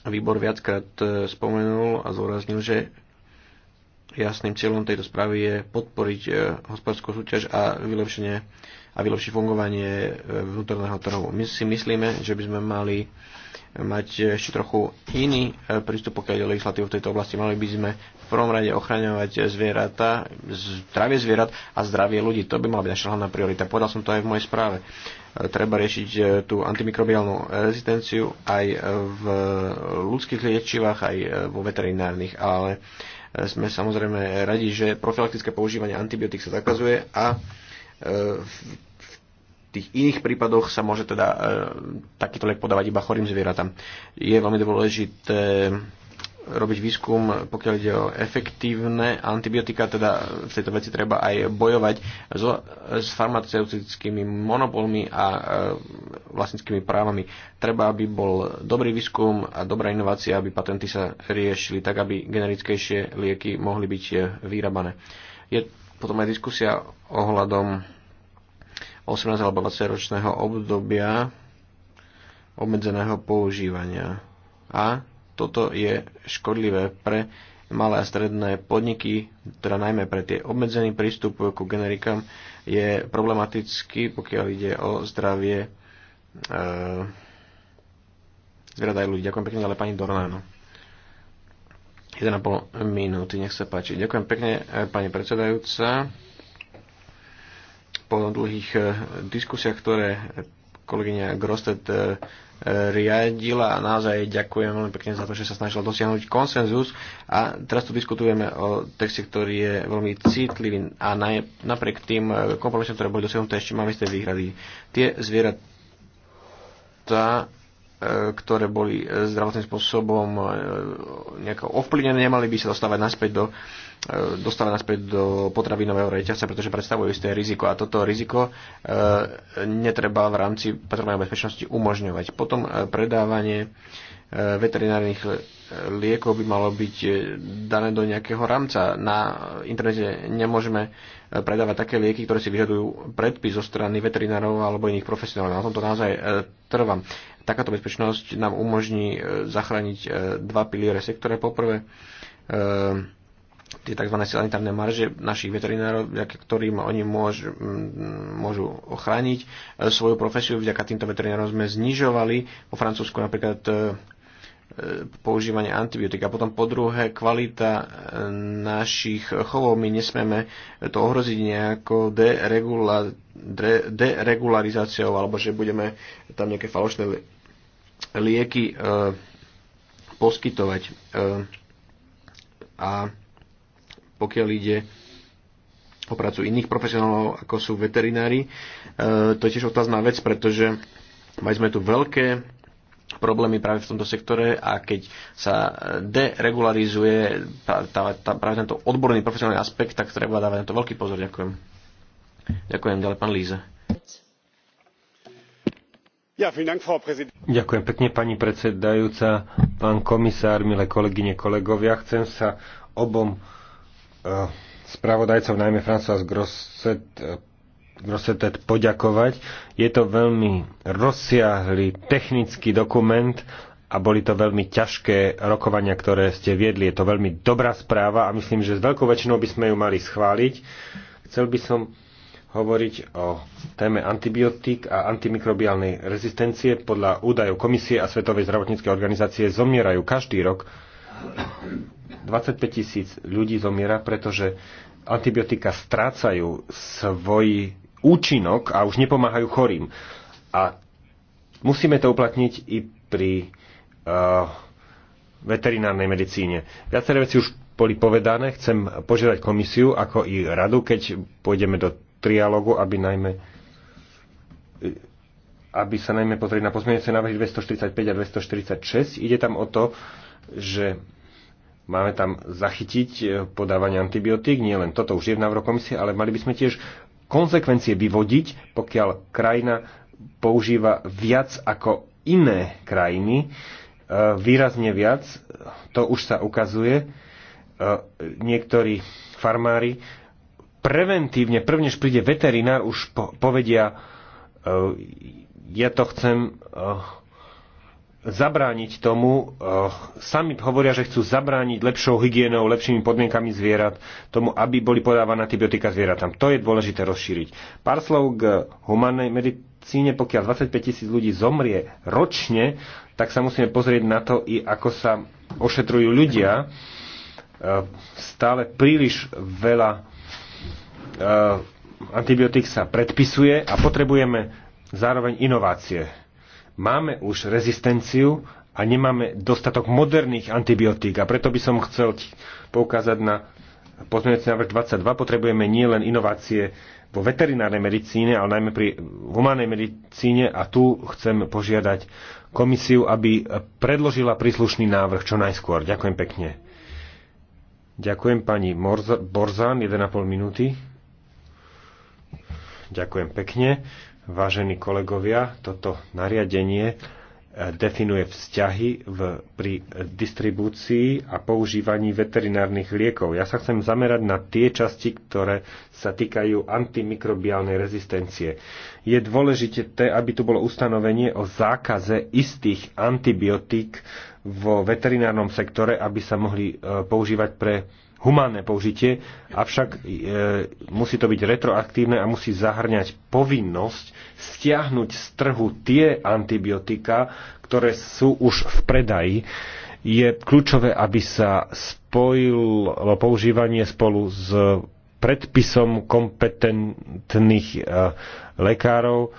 Speaker 1: výbor viackrát eh, spomenul a zdôraznil, že jasným cieľom tejto správy je podporiť hospodárskú súťaž a vylepšenie a vylepšiť fungovanie vnútorného trhu. My si myslíme, že by sme mali mať ešte trochu iný e, prístup, pokiaľ ide legislatívu v tejto oblasti. Mali by sme v prvom rade ochraňovať zvieratá, zdravie zvierat a zdravie ľudí. To by mala byť naša hlavná priorita. Povedal som to aj v mojej správe. E, treba riešiť e, tú antimikrobiálnu rezistenciu aj v ľudských liečivách, aj vo veterinárnych, ale sme samozrejme radi, že profilaktické používanie antibiotík sa zakazuje a tých iných prípadoch sa môže teda e, takýto liek podávať iba chorým zvieratám. Je veľmi dôležité e, robiť výskum, pokiaľ ide o efektívne antibiotika, teda v tejto veci treba aj bojovať so, s farmaceutickými monopolmi a e, vlastníckými právami. Treba, aby bol dobrý výskum a dobrá inovácia, aby patenty sa riešili tak, aby generickejšie lieky mohli byť e, vyrábané. Je potom aj diskusia ohľadom 18 alebo 20 ročného obdobia obmedzeného používania. A toto je škodlivé pre malé a stredné podniky, teda najmä pre tie obmedzený prístup ku generikám, je problematický, pokiaľ ide o zdravie e, zvierat aj ľudí. Ďakujem pekne, ale pani Dornáno. 1,5 minúty, nech sa páči. Ďakujem pekne, e, pani predsedajúca po dlhých e, diskusiách, ktoré kolegyňa Grosted e, e, riadila a naozaj ďakujem veľmi pekne za to, že sa snažila dosiahnuť konsenzus a teraz tu diskutujeme o texte, ktorý je veľmi citlivý a napriek tým kompromisom, ktoré boli dosiahnuté, ešte máme isté výhrady. Tie zvieratá E, ktoré boli e, zdravotným spôsobom e, nejako ovplyvnené, nemali by sa dostávať naspäť do, dostávať naspäť do potravinového reťazca, pretože predstavujú isté riziko a toto riziko netreba v rámci potravinovej bezpečnosti umožňovať. Potom predávanie veterinárnych liekov by malo byť dané do nejakého rámca. Na internete nemôžeme predávať také lieky, ktoré si vyžadujú predpis zo strany veterinárov alebo iných profesionálov. Na tomto naozaj trvám. Takáto bezpečnosť nám umožní e, zachrániť e, dva piliere sektora. Poprvé, e, tie tzv. sanitárne marže našich veterinárov, vďaka ktorým oni môž, môžu ochrániť svoju profesiu. Vďaka týmto veterinárom sme znižovali Po Francúzsku napríklad používanie antibiotík. A potom po druhé, kvalita našich chovov. My nesmieme to ohroziť nejako deregula, deregularizáciou, alebo že budeme tam nejaké falošné lieky e, poskytovať. E, a pokiaľ ide o prácu iných profesionálov, ako sú veterinári, e, to je tiež otázna vec, pretože mali sme tu veľké problémy práve v tomto sektore a keď sa deregularizuje tá, tá, tá, práve tento odborný profesionálny aspekt, tak treba dávať na to veľký pozor. Ďakujem. Ďakujem ďalej, pán Líze.
Speaker 2: Ďakujem pekne, pani predsedajúca, pán komisár, milé kolegyne, kolegovia. Chcem sa obom uh, spravodajcov, najmä François Grosset, uh, Grossetet, poďakovať. Je to veľmi rozsiahly technický dokument a boli to veľmi ťažké rokovania, ktoré ste viedli. Je to veľmi dobrá správa a myslím, že s veľkou väčšinou by sme ju mali schváliť. Chcel by som hovoriť o téme antibiotík a antimikrobiálnej rezistencie. Podľa údajov Komisie a Svetovej zdravotníckej organizácie zomierajú každý rok 25 tisíc ľudí zomiera, pretože antibiotika strácajú svoj účinok a už nepomáhajú chorým. A musíme to uplatniť i pri uh, veterinárnej medicíne. Viaceré veci už boli povedané, chcem požiadať komisiu, ako i radu, keď pôjdeme do trialogu, aby najmä aby sa najmä pozrieť na pozmienujúce návrhy 245 a 246. Ide tam o to, že máme tam zachytiť eh, podávanie antibiotík, nie len toto už je v návrhu komisie, ale mali by sme tiež konsekvencie vyvodiť, pokiaľ krajina používa viac ako iné krajiny, eh, výrazne viac, to už sa ukazuje. Eh, niektorí farmári preventívne, prvnež príde veterinár, už po, povedia, e, ja to chcem e, zabrániť tomu, e, sami hovoria, že chcú zabrániť lepšou hygienou, lepšími podmienkami zvierat, tomu, aby boli podávané antibiotika zvieratám. To je dôležité rozšíriť. Pár slov k humanej medicíne, pokiaľ 25 tisíc ľudí zomrie ročne, tak sa musíme pozrieť na to, i ako sa ošetrujú ľudia. Stále príliš veľa Eh, antibiotik sa predpisuje a potrebujeme zároveň inovácie. Máme už rezistenciu a nemáme dostatok moderných antibiotík a preto by som chcel poukázať na pozmeňujúci návrh 22. Potrebujeme nielen inovácie vo veterinárnej medicíne, ale najmä pri humánnej medicíne a tu chcem požiadať komisiu, aby predložila príslušný návrh čo najskôr. Ďakujem pekne. Ďakujem pani Morzan, Borzan, 1,5 minúty. Ďakujem pekne. Vážení kolegovia, toto nariadenie eh, definuje vzťahy v, pri eh, distribúcii a používaní veterinárnych liekov. Ja sa chcem zamerať na tie časti, ktoré sa týkajú antimikrobiálnej rezistencie. Je dôležité, aby tu bolo ustanovenie o zákaze istých antibiotík vo veterinárnom sektore, aby sa mohli eh, používať pre humánne použitie, avšak e, musí to byť retroaktívne a musí zahrňať povinnosť stiahnuť z trhu tie antibiotika, ktoré sú už v predaji. Je kľúčové, aby sa spojilo používanie spolu s predpisom kompetentných e, lekárov.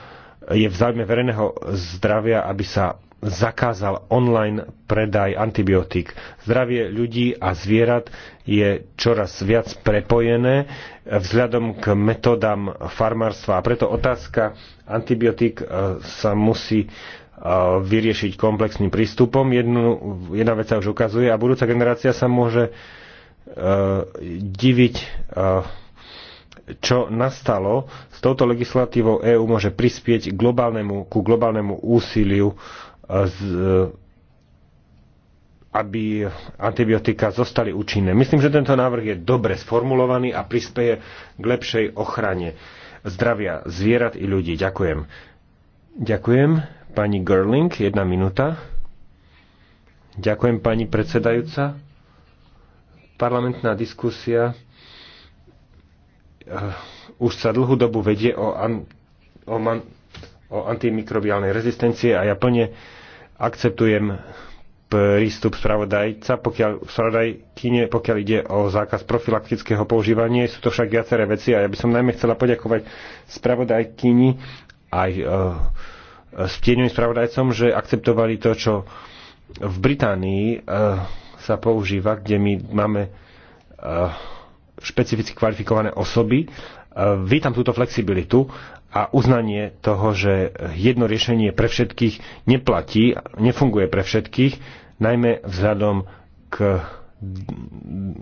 Speaker 2: Je v záujme verejného zdravia, aby sa zakázal online predaj antibiotík. Zdravie ľudí a zvierat je čoraz viac prepojené vzhľadom k metodám farmárstva. A preto otázka antibiotík e, sa musí e, vyriešiť komplexným prístupom. Jednu, jedna vec sa už ukazuje a budúca generácia sa môže e, diviť, čo nastalo. S touto legislatívou EÚ môže prispieť globálnemu, ku globálnemu úsiliu z, e, aby antibiotika zostali účinné. Myslím, že tento návrh je dobre sformulovaný a prispieje k lepšej ochrane zdravia zvierat i ľudí. Ďakujem. Ďakujem. Pani Gerling, jedna minúta. Ďakujem, pani predsedajúca. Parlamentná diskusia e, už sa dlhú dobu vedie o, an, o man, o antimikrobiálnej rezistencie a ja plne akceptujem prístup spravodajca, pokiaľ, kine, pokiaľ ide o zákaz profilaktického používania. Sú to však viaceré veci a ja by som najmä chcela poďakovať spravodajkyni aj e, stieňovým spravodajcom, že akceptovali to, čo v Británii e, sa používa, kde my máme e, špecificky kvalifikované osoby. E, vítam túto flexibilitu a uznanie toho, že jedno riešenie pre všetkých neplatí, nefunguje pre všetkých, najmä vzhľadom k,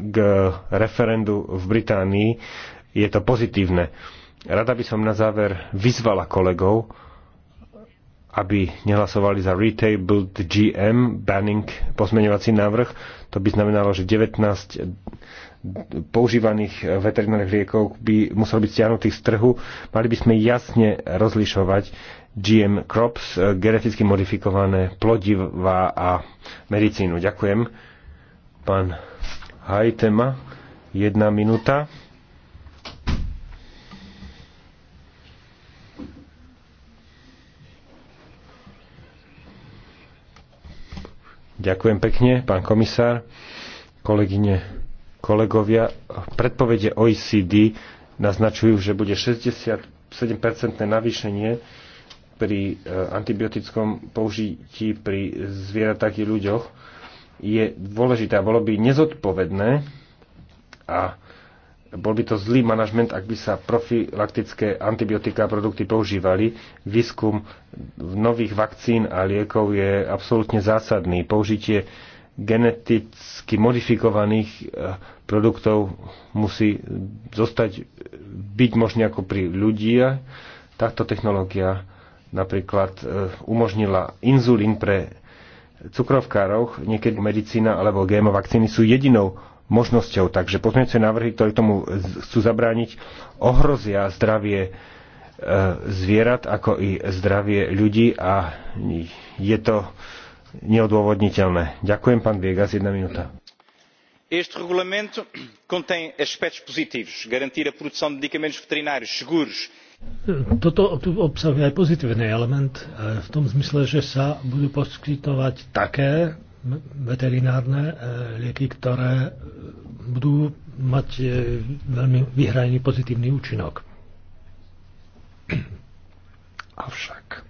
Speaker 2: k referendu v Británii, je to pozitívne. Rada by som na záver vyzvala kolegov, aby nehlasovali za Retabled GM, banning pozmeňovací návrh. To by znamenalo, že 19 používaných veterinárnych liekov by musel byť stiahnutý z trhu. Mali by sme jasne rozlišovať GM crops, eh, geneticky modifikované plodivá a medicínu. Ďakujem. Pán Hajtema, jedna minúta. Ďakujem pekne, pán komisár, kolegyne Kolegovia, predpovede OECD naznačujú, že bude 67-percentné navýšenie pri eh, antibiotickom použití pri zvieratách i ľuďoch je dôležité a bolo by nezodpovedné a bol by to zlý manažment, ak by sa profilaktické antibiotika a produkty používali. Výskum nových vakcín a liekov je absolútne zásadný. Použitie geneticky modifikovaných e, produktov musí zostať byť možné ako pri ľudí. Táto technológia napríklad e, umožnila inzulín pre cukrovkárov, niekedy medicína alebo GMO vakcíny sú jedinou možnosťou. Takže pozmeňujúce návrhy, ktoré tomu chcú zabrániť, ohrozia zdravie e, zvierat, ako i zdravie ľudí a je to neodôvodniteľné. Ďakujem, pán Viegas, jedna minúta.
Speaker 1: Este regulamento contém aspectos positivos, garantir a produção de medicamentos veterinários seguros.
Speaker 3: Toto tu obsahuje aj pozitívny element, e, v tom zmysle, že sa budú poskytovať také veterinárne e, lieky, ktoré budú mať e, veľmi vyhrajený pozitívny účinok. [CLEARS THROAT] Avšak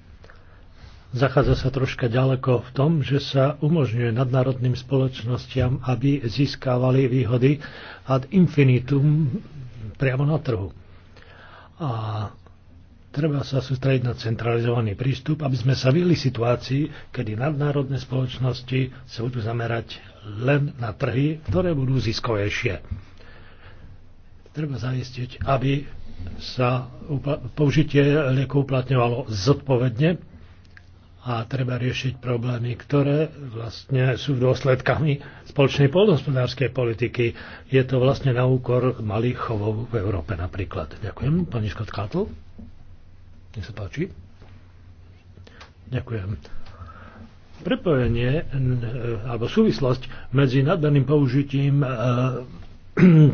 Speaker 3: Zachádza sa troška ďaleko v tom, že sa umožňuje nadnárodným spoločnostiam, aby získávali výhody ad infinitum priamo na trhu. A treba sa sústrediť na centralizovaný prístup, aby sme sa vyhli situácii, kedy nadnárodné spoločnosti sa budú zamerať len na trhy, ktoré budú ziskovejšie. Treba zaistiť, aby sa použitie liekov uplatňovalo zodpovedne a treba riešiť problémy, ktoré vlastne sú dôsledkami spoločnej polnohospodárskej politiky. Je to vlastne na úkor malých chovov v Európe napríklad. Ďakujem. Pani Škot Kátl. Nech sa páči. Ďakujem. Prepojenie e, alebo súvislosť medzi nadmerným použitím e, [CLEARS THROAT]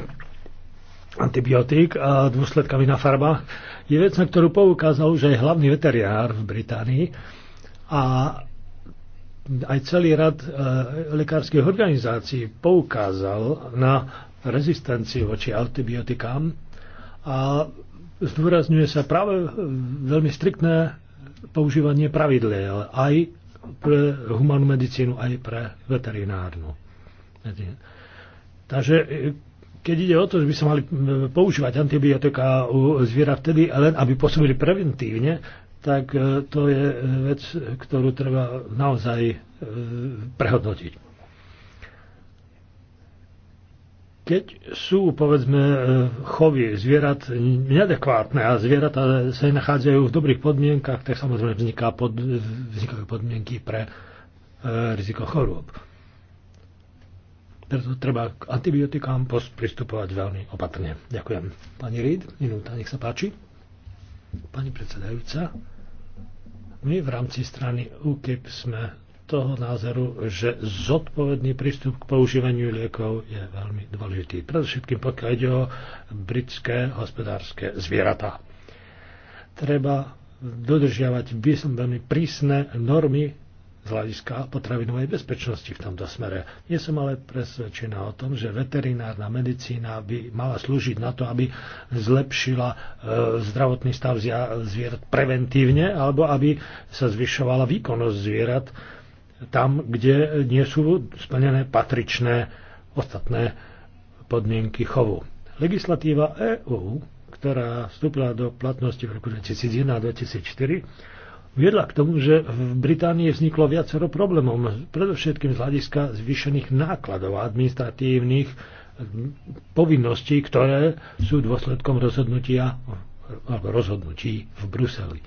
Speaker 3: antibiotík a dôsledkami na farbách je vec, na ktorú poukázal už aj hlavný veterinár v Británii a aj celý rad e, lekárskych organizácií poukázal na rezistenciu voči antibiotikám a zdôrazňuje sa práve veľmi striktné používanie pravidliel aj pre humanú medicínu, aj pre veterinárnu. Takže e, keď ide o to, že by sa mali e, používať antibiotika u zviera vtedy, len aby pôsobili preventívne, tak e, to je e, vec, ktorú treba naozaj e, prehodnotiť. Keď sú, povedzme, chovy zvierat neadekvátne a zvieratá sa nachádzajú v dobrých podmienkach, tak samozrejme vzniká pod, vznikajú podmienky pre riziko chorôb. Preto treba k antibiotikám pristupovať veľmi opatrne. Ďakujem. Pani Reid, minúta, nech sa páči. Pani predsedajúca, my v rámci strany UKIP sme toho názoru, že zodpovedný prístup k používaniu liekov je veľmi dôležitý. Predovšetkým pokiaľ ide o britské hospodárske zvieratá. Treba dodržiavať veľmi prísne normy z hľadiska potravinovej bezpečnosti v tomto smere. Nie som ale presvedčená o tom, že veterinárna medicína by mala slúžiť na to, aby zlepšila e, zdravotný stav zvierat preventívne, alebo aby sa zvyšovala výkonnosť zvierat tam, kde nie sú splnené patričné ostatné podmienky chovu. Legislatíva EÚ, ktorá vstúpila do platnosti v roku 2001 a 2004, viedla k tomu, že v Británii vzniklo viacero problémov, no predovšetkým z hľadiska zvýšených nákladov administratívnych povinností, ktoré sú dôsledkom rozhodnutia alebo rozhodnutí v Bruseli.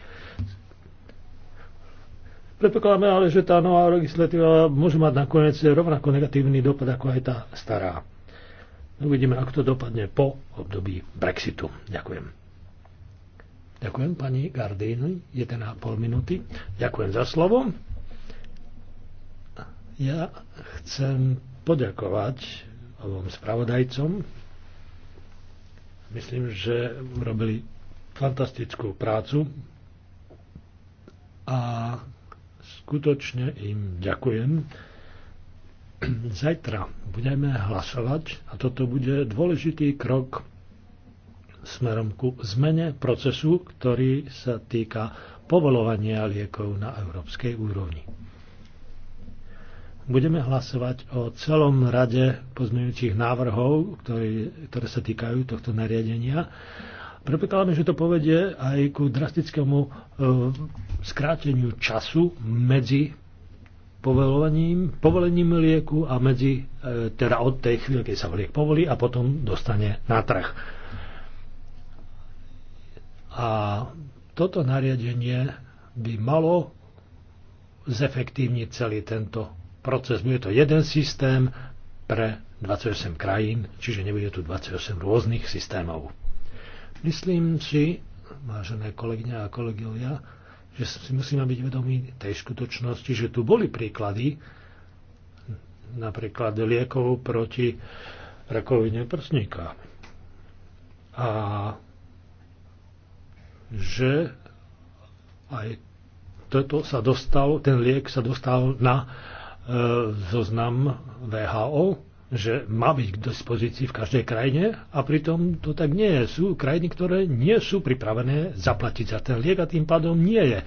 Speaker 3: Predpokladáme ale, že tá nová legislatíva môže mať nakoniec rovnako negatívny dopad ako aj tá stará. Uvidíme, ako to dopadne po období Brexitu. Ďakujem. Ďakujem pani Gardini, 1,5 minúty. Ďakujem za slovo. Ja chcem poďakovať obom spravodajcom. Myslím, že urobili fantastickú prácu a skutočne im ďakujem. Zajtra budeme hlasovať a toto bude dôležitý krok smerom ku zmene procesu, ktorý sa týka povolovania liekov na európskej úrovni. Budeme hlasovať o celom rade pozmeňujúcich návrhov, ktorý, ktoré sa týkajú tohto nariadenia. Predpokladáme, že to povedie aj ku drastickému e, skráteniu času medzi povolením povolením lieku a medzi, e, teda od tej chvíle, keď sa liek povolí a potom dostane na trh. A toto nariadenie by malo zefektívniť celý tento proces. Bude to jeden systém pre 28 krajín, čiže nebude tu 28 rôznych systémov. Myslím si, vážené kolegyňa a kolegovia, že si musíme byť vedomí tej skutočnosti, že tu boli príklady, napríklad liekov proti rakovine prsníka. A že aj toto sa dostalo, ten liek sa dostal na e, zoznam VHO, že má byť k dispozícii v každej krajine a pritom to tak nie je. Sú krajiny, ktoré nie sú pripravené zaplatiť za ten liek a tým pádom nie je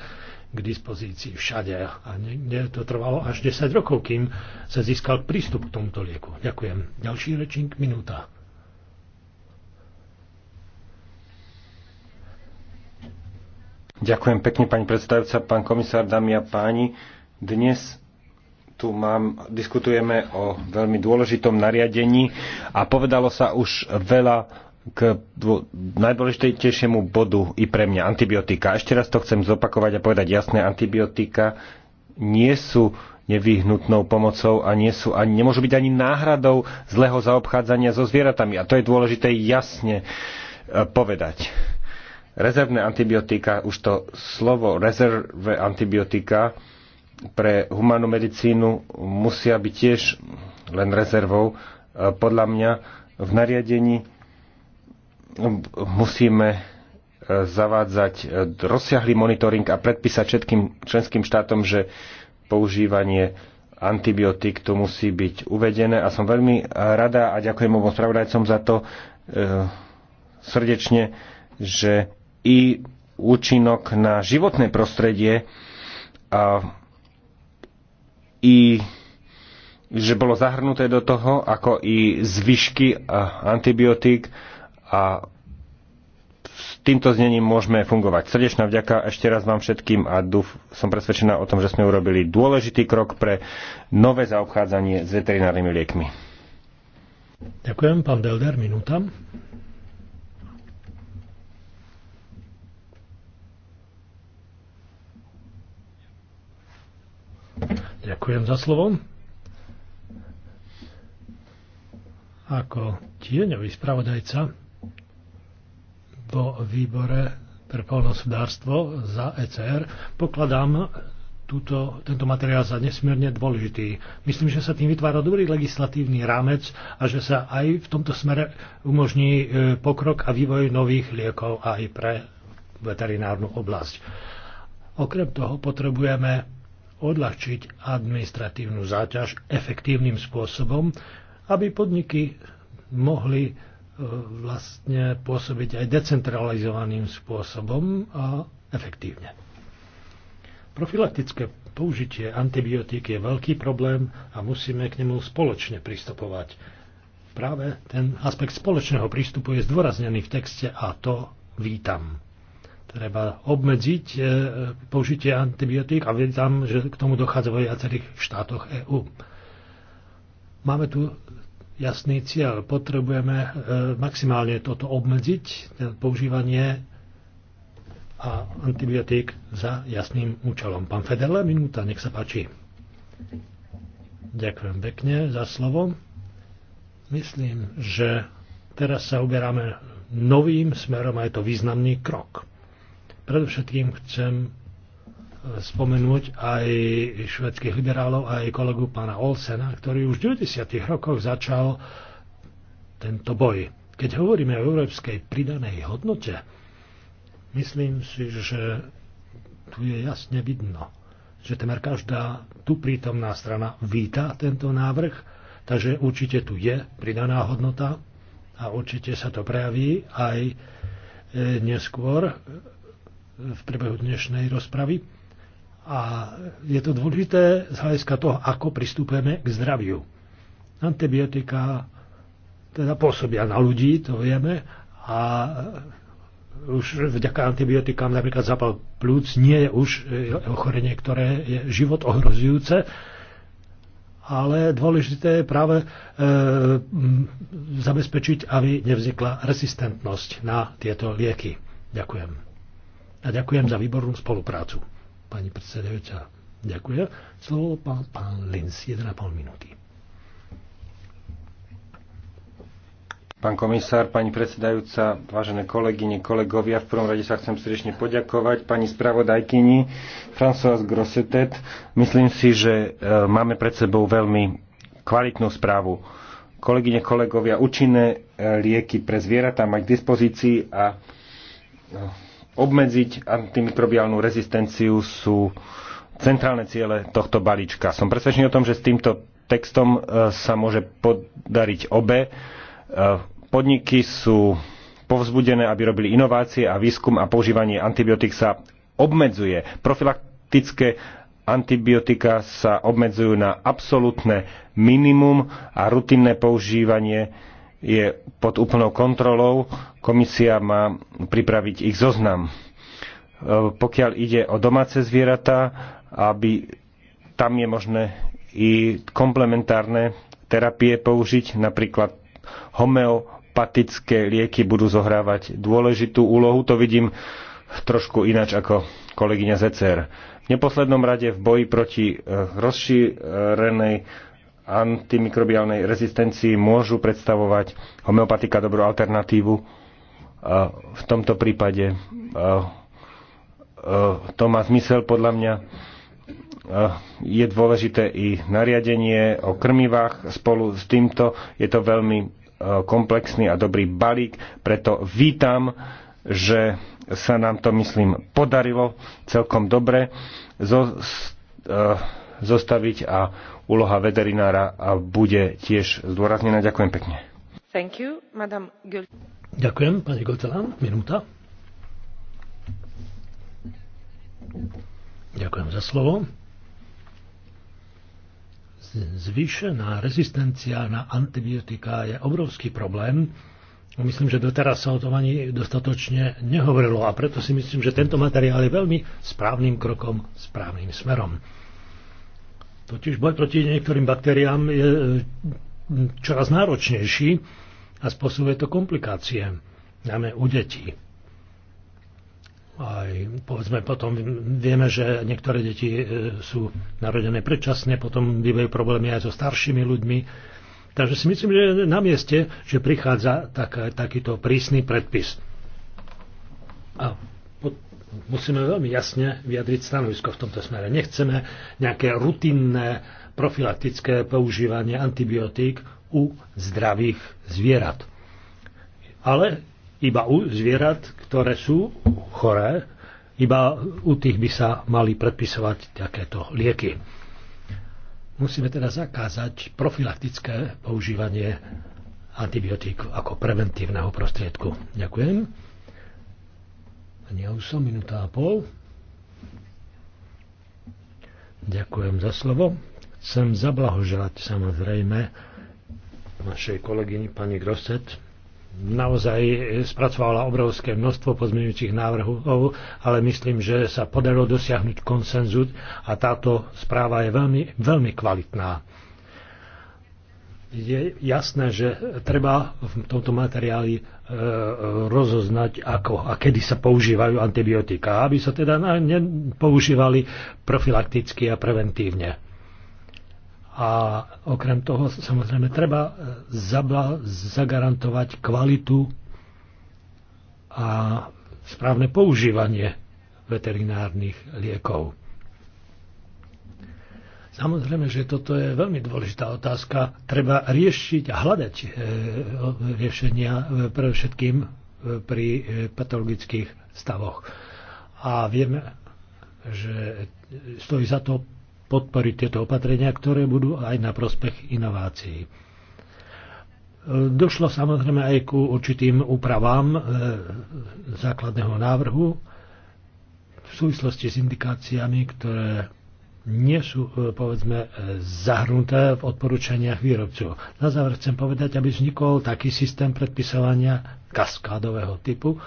Speaker 3: k dispozícii všade. A niekde to trvalo až 10 rokov, kým sa získal prístup k tomuto lieku. Ďakujem. Ďalší rečník, minúta.
Speaker 2: Ďakujem pekne, pani predstavca, pán komisár, dámy a páni. Dnes tu mám, diskutujeme o veľmi dôležitom nariadení a povedalo sa už veľa k najdôležitejšiemu bodu i pre mňa, antibiotika. Ešte raz to chcem zopakovať a povedať jasné, antibiotika nie sú nevyhnutnou pomocou a nie sú ani, nemôžu byť ani náhradou zlého zaobchádzania so zvieratami. A to je dôležité jasne e, povedať Rezervné antibiotika, už to slovo rezerve antibiotika pre humánnu medicínu musia byť tiež len rezervou. E, podľa mňa v nariadení musíme e, zavádzať e, rozsiahly monitoring a predpísať všetkým členským štátom, že používanie antibiotík tu musí byť uvedené a som veľmi rada a ďakujem obom spravodajcom za to e, srdečne, že i účinok na životné prostredie a i že bolo zahrnuté do toho, ako i zvyšky a antibiotík a s týmto znením môžeme fungovať. Srdečná vďaka ešte raz vám všetkým a dúf, som presvedčená o tom, že sme urobili dôležitý krok pre nové zaobchádzanie s veterinárnymi liekmi.
Speaker 3: Ďakujem, pán Belder, minúta. Ďakujem za slovo. Ako tieňový spravodajca vo výbore pre polnospodárstvo za ECR pokladám túto, tento materiál za nesmierne dôležitý. Myslím, že sa tým vytvára dobrý legislatívny rámec a že sa aj v tomto smere umožní e, pokrok a vývoj nových liekov aj pre veterinárnu oblasť. Okrem toho potrebujeme odľahčiť administratívnu záťaž efektívnym spôsobom, aby podniky mohli e, vlastne pôsobiť aj decentralizovaným spôsobom a efektívne. Profilaktické použitie antibiotík je veľký problém a musíme k nemu spoločne pristupovať. Práve ten aspekt spoločného prístupu je zdôraznený v texte a to vítam treba obmedziť e, použitie antibiotík a viem tam, že k tomu dochádza vo viacerých štátoch EÚ. Máme tu jasný cieľ. Potrebujeme e, maximálne toto obmedziť, používanie a antibiotík za jasným účelom. Pán Federle, minúta, nech sa páči. Ďakujem pekne za slovo. Myslím, že teraz sa uberáme novým smerom a je to významný krok. Predovšetkým chcem e, spomenúť aj švedských liberálov a aj kolegu pána Olsena, ktorý už v 90. rokoch začal tento boj. Keď hovoríme o európskej pridanej hodnote, myslím si, že tu je jasne vidno, že temer každá tu prítomná strana víta tento návrh, takže určite tu je pridaná hodnota a určite sa to prejaví aj e, neskôr v priebehu dnešnej rozpravy. A je to dôležité z hľadiska toho, ako pristupujeme k zdraviu. Antibiotika teda pôsobia na ľudí, to vieme, a už vďaka antibiotikám napríklad zapal plúc nie je už e, ochorenie, ktoré je život ohrozujúce, ale dôležité je práve e, zabezpečiť, aby nevznikla resistentnosť na tieto lieky. Ďakujem a ďakujem za výbornú spoluprácu. Pani predsedajúca, ďakujem. Slovo pán, pán Linz, 1,5 minúty.
Speaker 2: Pán komisár, pani predsedajúca, vážené kolegyne, kolegovia, v prvom rade sa chcem srdečne poďakovať pani spravodajkyni François Grossetet. Myslím si, že e, máme pred sebou veľmi kvalitnú správu. Kolegyne, kolegovia, účinné e, lieky pre zvieratá mať k dispozícii a no, obmedziť antimikrobiálnu rezistenciu sú centrálne ciele tohto balíčka. Som presvedčený o tom, že s týmto textom e, sa môže podariť obe. E, podniky sú povzbudené, aby robili inovácie a výskum a používanie antibiotík sa obmedzuje. Profilaktické antibiotika sa obmedzujú na absolútne minimum a rutinné používanie je pod úplnou kontrolou. Komisia má pripraviť ich zoznam. E, pokiaľ ide o domáce zvieratá, aby tam je možné i komplementárne terapie použiť, napríklad homeopatické lieky budú zohrávať dôležitú úlohu. To vidím trošku ináč ako kolegyňa Zecer. V neposlednom rade v boji proti e, rozšírenej antimikrobiálnej rezistencii môžu predstavovať homeopatika dobrú alternatívu. V tomto prípade to má zmysel podľa mňa. Je dôležité i nariadenie o krmivách. Spolu s týmto je to veľmi komplexný a dobrý balík, preto vítam, že sa nám to, myslím, podarilo celkom dobre zostaviť a úloha veterinára a bude tiež zdôraznená. Ďakujem pekne.
Speaker 3: Thank you, Madam Ďakujem, pani Gotelán. Minúta. Ďakujem za slovo. Zvýšená rezistencia na antibiotika je obrovský problém. Myslím, že doteraz sa o tom ani dostatočne nehovorilo a preto si myslím, že tento materiál je veľmi správnym krokom, správnym smerom. Totiž boj proti niektorým baktériám je e, čoraz náročnejší a spôsobuje to komplikácie, najmä u detí. Aj povedzme potom, vieme, že niektoré deti e, sú narodené predčasne, potom bývajú problémy aj so staršími ľuďmi. Takže si myslím, že na mieste, že prichádza tak, takýto prísny predpis. A musíme veľmi jasne vyjadriť stanovisko v tomto smere. Nechceme nejaké rutinné profilaktické používanie antibiotík u zdravých zvierat. Ale iba u zvierat, ktoré sú choré, iba u tých by sa mali predpisovať takéto lieky. Musíme teda zakázať profilaktické používanie antibiotík ako preventívneho prostriedku. Ďakujem. A ja už som minúta a pol. Ďakujem za slovo. Chcem zablahoželať samozrejme našej kolegyni pani Groset. Naozaj spracovala obrovské množstvo pozmeňujúcich návrhov, ale myslím, že sa podarilo dosiahnuť konsenzus a táto správa je veľmi, veľmi kvalitná je jasné, že treba v tomto materiáli e, rozoznať, ako a kedy sa používajú antibiotika, aby sa teda nepoužívali profilakticky a preventívne. A okrem toho samozrejme treba e, zabla, zagarantovať kvalitu a správne používanie veterinárnych liekov. Samozrejme, že toto je veľmi dôležitá otázka. Treba riešiť a hľadať e, riešenia e, pre všetkým e, pri patologických stavoch. A vieme, že stojí za to podporiť tieto opatrenia, ktoré budú aj na prospech inovácií. Došlo samozrejme aj ku určitým úpravám základného návrhu v súvislosti s indikáciami, ktoré nie sú, e, povedzme, e, zahrnuté v odporúčaniach výrobcov. Na záver chcem povedať, aby vznikol taký systém predpisovania kaskádového typu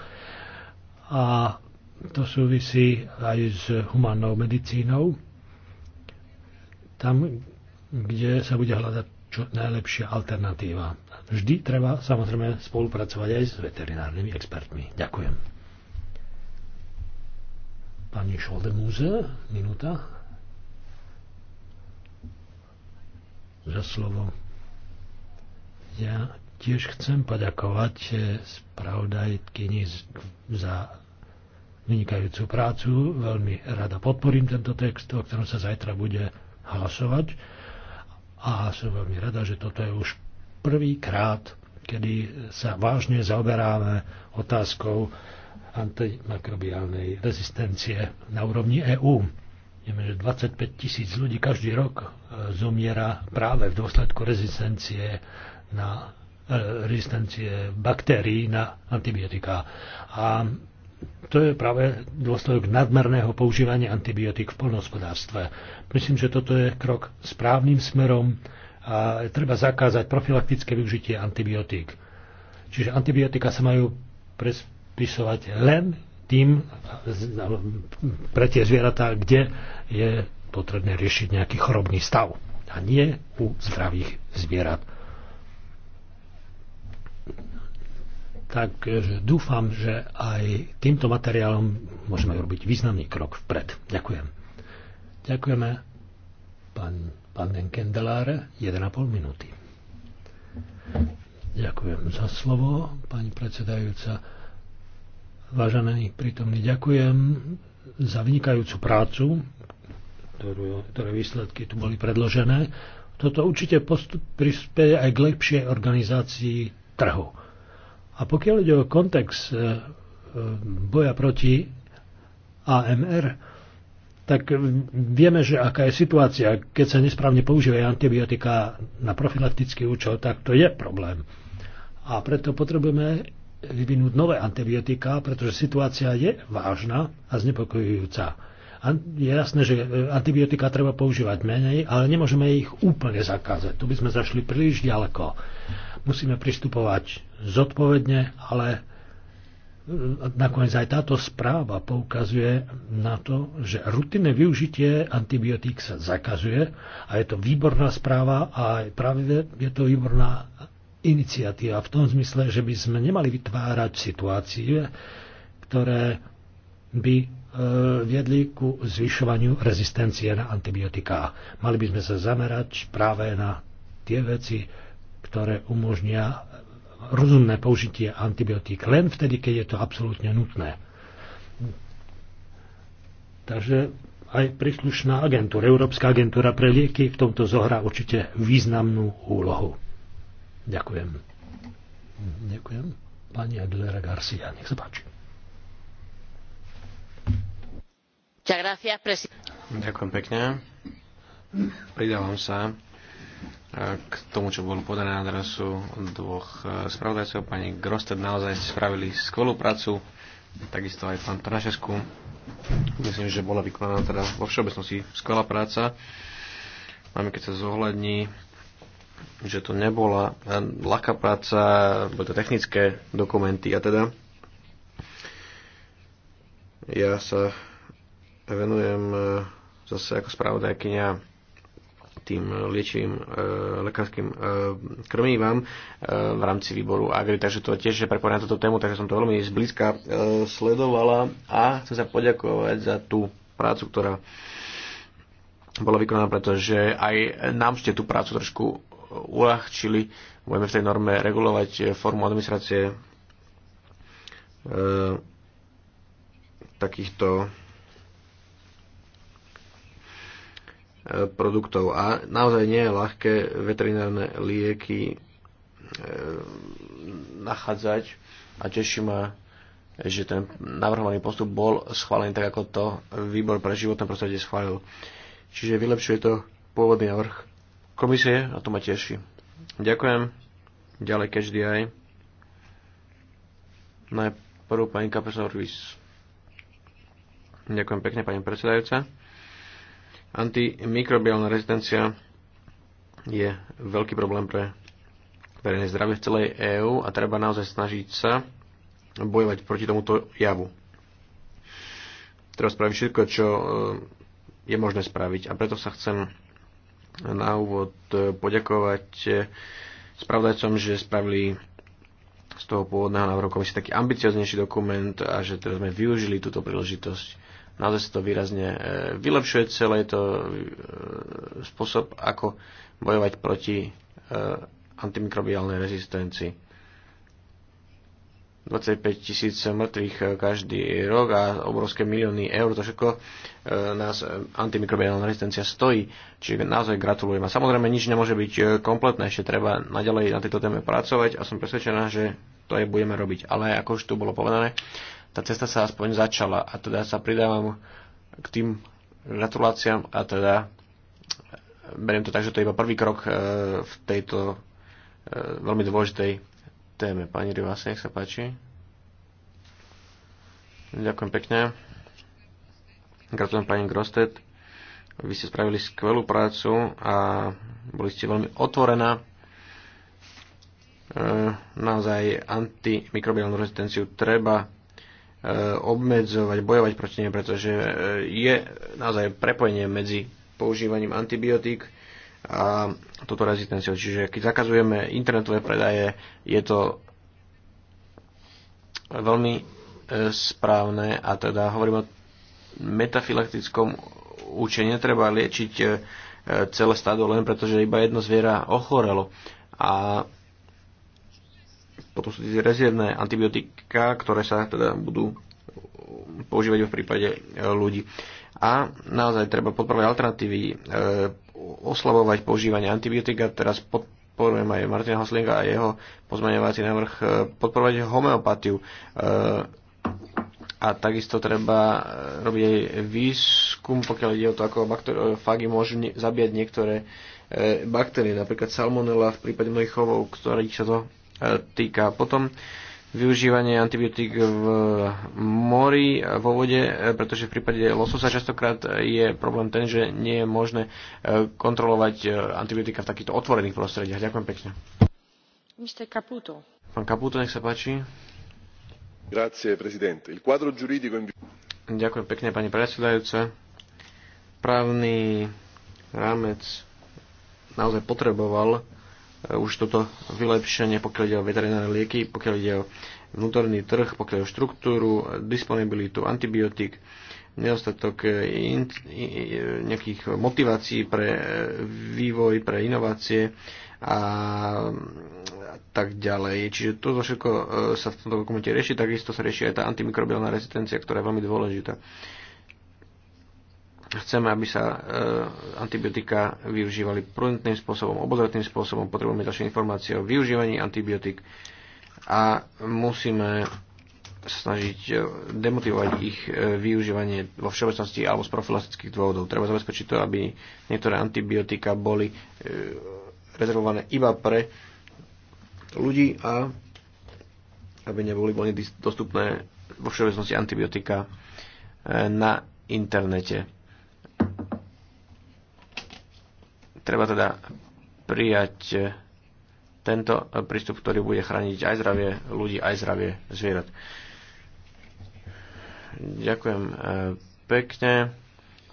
Speaker 3: a to súvisí aj s humannou medicínou. Tam, kde sa bude hľadať čo najlepšia alternatíva. Vždy treba samozrejme spolupracovať aj s veterinárnymi expertmi. Ďakujem. Pani Šoldemúze, minúta. za slovo. Ja tiež chcem poďakovať eh, spravodajkyni za vynikajúcu prácu. Veľmi rada podporím tento text, o ktorom sa zajtra bude hlasovať. A som veľmi rada, že toto je už prvýkrát, kedy sa vážne zaoberáme otázkou antimikrobiálnej rezistencie na úrovni EÚ. Vieme, že 25 tisíc ľudí každý rok e, zomiera práve v dôsledku rezistencie na e, rezistencie baktérií na antibiotiká. A to je práve dôsledok nadmerného používania antibiotík v polnohospodárstve. Myslím, že toto je krok správnym smerom a treba zakázať profilaktické využitie antibiotík. Čiže antibiotika sa majú prespisovať len tým pre tie zvieratá, kde je potrebné riešiť nejaký chorobný stav a nie u zdravých zvierat. Takže dúfam, že aj týmto materiálom môžeme urobiť významný krok vpred. Ďakujem. Ďakujeme pán, pán Kendeláre, 1,5 minúty. Ďakujem za slovo, pani predsedajúca. Vážený prítomný, ďakujem za vynikajúcu prácu, ktorú, ktoré výsledky tu boli predložené. Toto určite postup prispieje aj k lepšej organizácii trhu. A pokiaľ ide o kontext e, e, boja proti AMR, tak vieme, že aká je situácia. Keď sa nesprávne používajú antibiotika na profilaktický účel, tak to je problém. A preto potrebujeme vyvinúť nové antibiotika, pretože situácia je vážna a znepokojujúca. Je jasné, že antibiotika treba používať menej, ale nemôžeme ich úplne zakázať. Tu by sme zašli príliš ďaleko. Musíme pristupovať zodpovedne, ale e, nakoniec aj táto správa poukazuje na to, že rutinné využitie antibiotík sa zakazuje a je to výborná správa a práve je to výborná iniciatíva v tom zmysle, že by sme nemali vytvárať situácie, ktoré by e, viedli ku zvyšovaniu rezistencie na antibiotiká. Mali by sme sa zamerať práve na tie veci, ktoré umožnia rozumné použitie antibiotík len vtedy, keď je to absolútne nutné. Takže aj príslušná agentúra, Európska agentúra pre lieky v tomto zohrá určite významnú úlohu. Ďakujem. Ďakujem. Pani Aguilera Garcia, nech sa páči.
Speaker 1: Ďakujem pekne. Pridávam sa eh, k tomu, čo bolo podané na adresu dvoch eh, spravodajcov. Pani Grosted naozaj spravili skvelú prácu, takisto aj pán Tanašesku. Myslím, že bola vykonaná teda vo všeobecnosti skvelá práca. Máme keď sa zohľadní že to nebola ľahká práca, boli to technické dokumenty a teda ja sa venujem e, zase ako spravodajkynia tým liečivým e, lekárským e, krmivám e, v rámci výboru Agri, takže to tiež je na túto tému, takže som to veľmi zblízka e, sledovala a chcem sa poďakovať za tú prácu, ktorá bola vykonaná, pretože aj nám ste tú prácu trošku uľahčili. Budeme v tej norme regulovať eh, formu administrácie eh, takýchto eh, produktov. A naozaj nie je ľahké veterinárne lieky nachádzať a teší ma, že ten navrhovaný postup bol schválený tak, ako to výbor pre životné prostredie schválil. Čiže vylepšuje to pôvodný návrh komisie a to ma teší. Ďakujem. Ďalej každý aj. Najprv pani Kapesor Ruiz. Ďakujem pekne, pani predsedajúca. Antimikrobiálna rezidencia je veľký problém pre verejné zdravie v celej EÚ a treba naozaj snažiť sa bojovať proti tomuto javu. Treba spraviť všetko, čo e, je možné spraviť. A preto sa chcem na úvod e, poďakovať e, spravodajcom, že spravili z toho pôvodného návrhu komisie taký ambicioznejší dokument a že teraz sme využili túto príležitosť. Naozaj sa to výrazne e, vylepšuje celé, je to spôsob, ako bojovať proti antimikrobiálnej rezistencii. 25 tisíc mŕtvych eh, každý rok a obrovské milióny eur, to všetko eh, nás eh, antimikrobiálna rezistencia stojí. Čiže naozaj gratulujem. A samozrejme nič nemôže byť kompletné, ešte treba naďalej na tejto téme pracovať a som presvedčená, že to aj budeme robiť. Ale ako už tu bolo povedané, tá cesta sa aspoň začala a teda sa pridávam k tým gratuláciám a teda beriem to tak, že to je iba prvý krok v tejto veľmi dôležitej téme. Pani Rivas, nech sa páči. Ďakujem pekne. Gratulujem pani Grosted. Vy ste spravili skvelú prácu a boli ste veľmi otvorená e, naozaj antimikrobiálnu rezistenciu treba e, obmedzovať, bojovať proti nej, pretože e, je naozaj prepojenie medzi používaním antibiotík a toto rezistenciu. Čiže keď zakazujeme internetové predaje, je to veľmi e, správne a teda hovorím o metafilaktickom účení. Netreba liečiť e, celé stádo len preto, že iba jedno zviera ochorelo. A potom sú tie rezervné antibiotika, ktoré sa teda budú používať v prípade e, ľudí. A naozaj treba podporovať alternatívy, oslabovať používanie antibiotika. Teraz podporujem aj Martina Hoslinga a jeho pozmaňovací návrh e, podporovať homeopatiu. E, a takisto treba e, robiť aj výskum, pokiaľ ide o to, ako fagy môžu zabíjať niektoré baktérie, napríklad salmonella v prípade mnohých chovov, ktorých sa to týka. Potom využívanie antibiotík v mori, vo vode, pretože v prípade lososa častokrát je problém ten, že nie je možné e, kontrolovať e, antibiotika v takýchto otvorených prostrediach. Ďakujem pekne.
Speaker 3: Mr. Caputo.
Speaker 1: Pán Caputo, nech sa páči.
Speaker 2: Grazie, presidente. Il quadro giuridico...
Speaker 1: Ďakujem pekne, pani predsedajúce. Právny rámec naozaj potreboval E, už toto vylepšenie, pokiaľ ide o veterinárne lieky, pokiaľ ide o vnútorný trh, pokiaľ ide o štruktúru, disponibilitu antibiotík, nedostatok e, in, nejakých motivácií pre e, vývoj, pre inovácie a tak ďalej. Čiže toto všetko sa v tomto dokumente rieši, takisto sa rieši aj tá antimikrobiálna rezistencia, ktorá je veľmi dôležitá. Chceme, aby sa e, antibiotika využívali prudentným spôsobom, obozretným spôsobom, potrebujeme ďalšie informácie o využívaní antibiotik a musíme snažiť e, demotivovať ich e, využívanie vo všeobecnosti alebo z profilastických dôvodov. Treba zabezpečiť to, aby niektoré antibiotika boli e, rezervované iba pre ľudí a aby neboli boli dostupné vo všeobecnosti antibiotika na internete. Treba teda prijať eh, tento prístup, ktorý bude chrániť aj zdravie ľudí, aj zdravie zvierat. Ďakujem eh, pekne.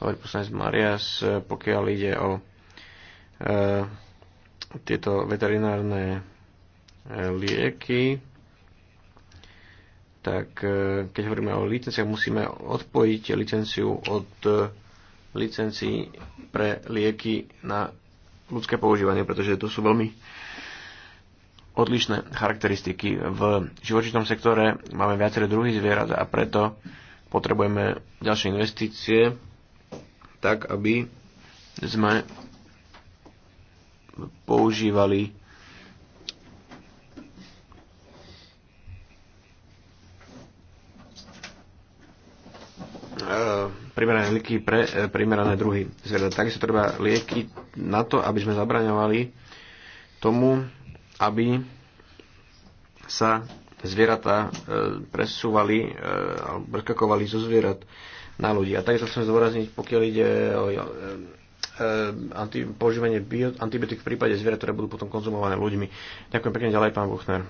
Speaker 1: Hovorí poslanec Marias, eh, pokiaľ ide o e, tieto veterinárne lieky, tak e, keď hovoríme o licenciách, musíme odpojiť licenciu od e, licencií pre lieky na ľudské používanie, pretože to sú veľmi odlišné charakteristiky. V živočitom sektore máme viaceré druhy zvierat a preto potrebujeme ďalšie investície, tak aby sme používali primerané lieky pre e, primerané druhy zvierat. Takisto treba lieky na to, aby sme zabraňovali tomu, aby sa zvieratá e, presúvali e, alebo prekakovali zo zvierat na ľudí. A takisto chcem zdôrazniť, pokiaľ ide o používanie antibiotik antibiotík v prípade zvierat, ktoré budú potom konzumované ľuďmi. Ďakujem pekne ďalej, pán Buchner.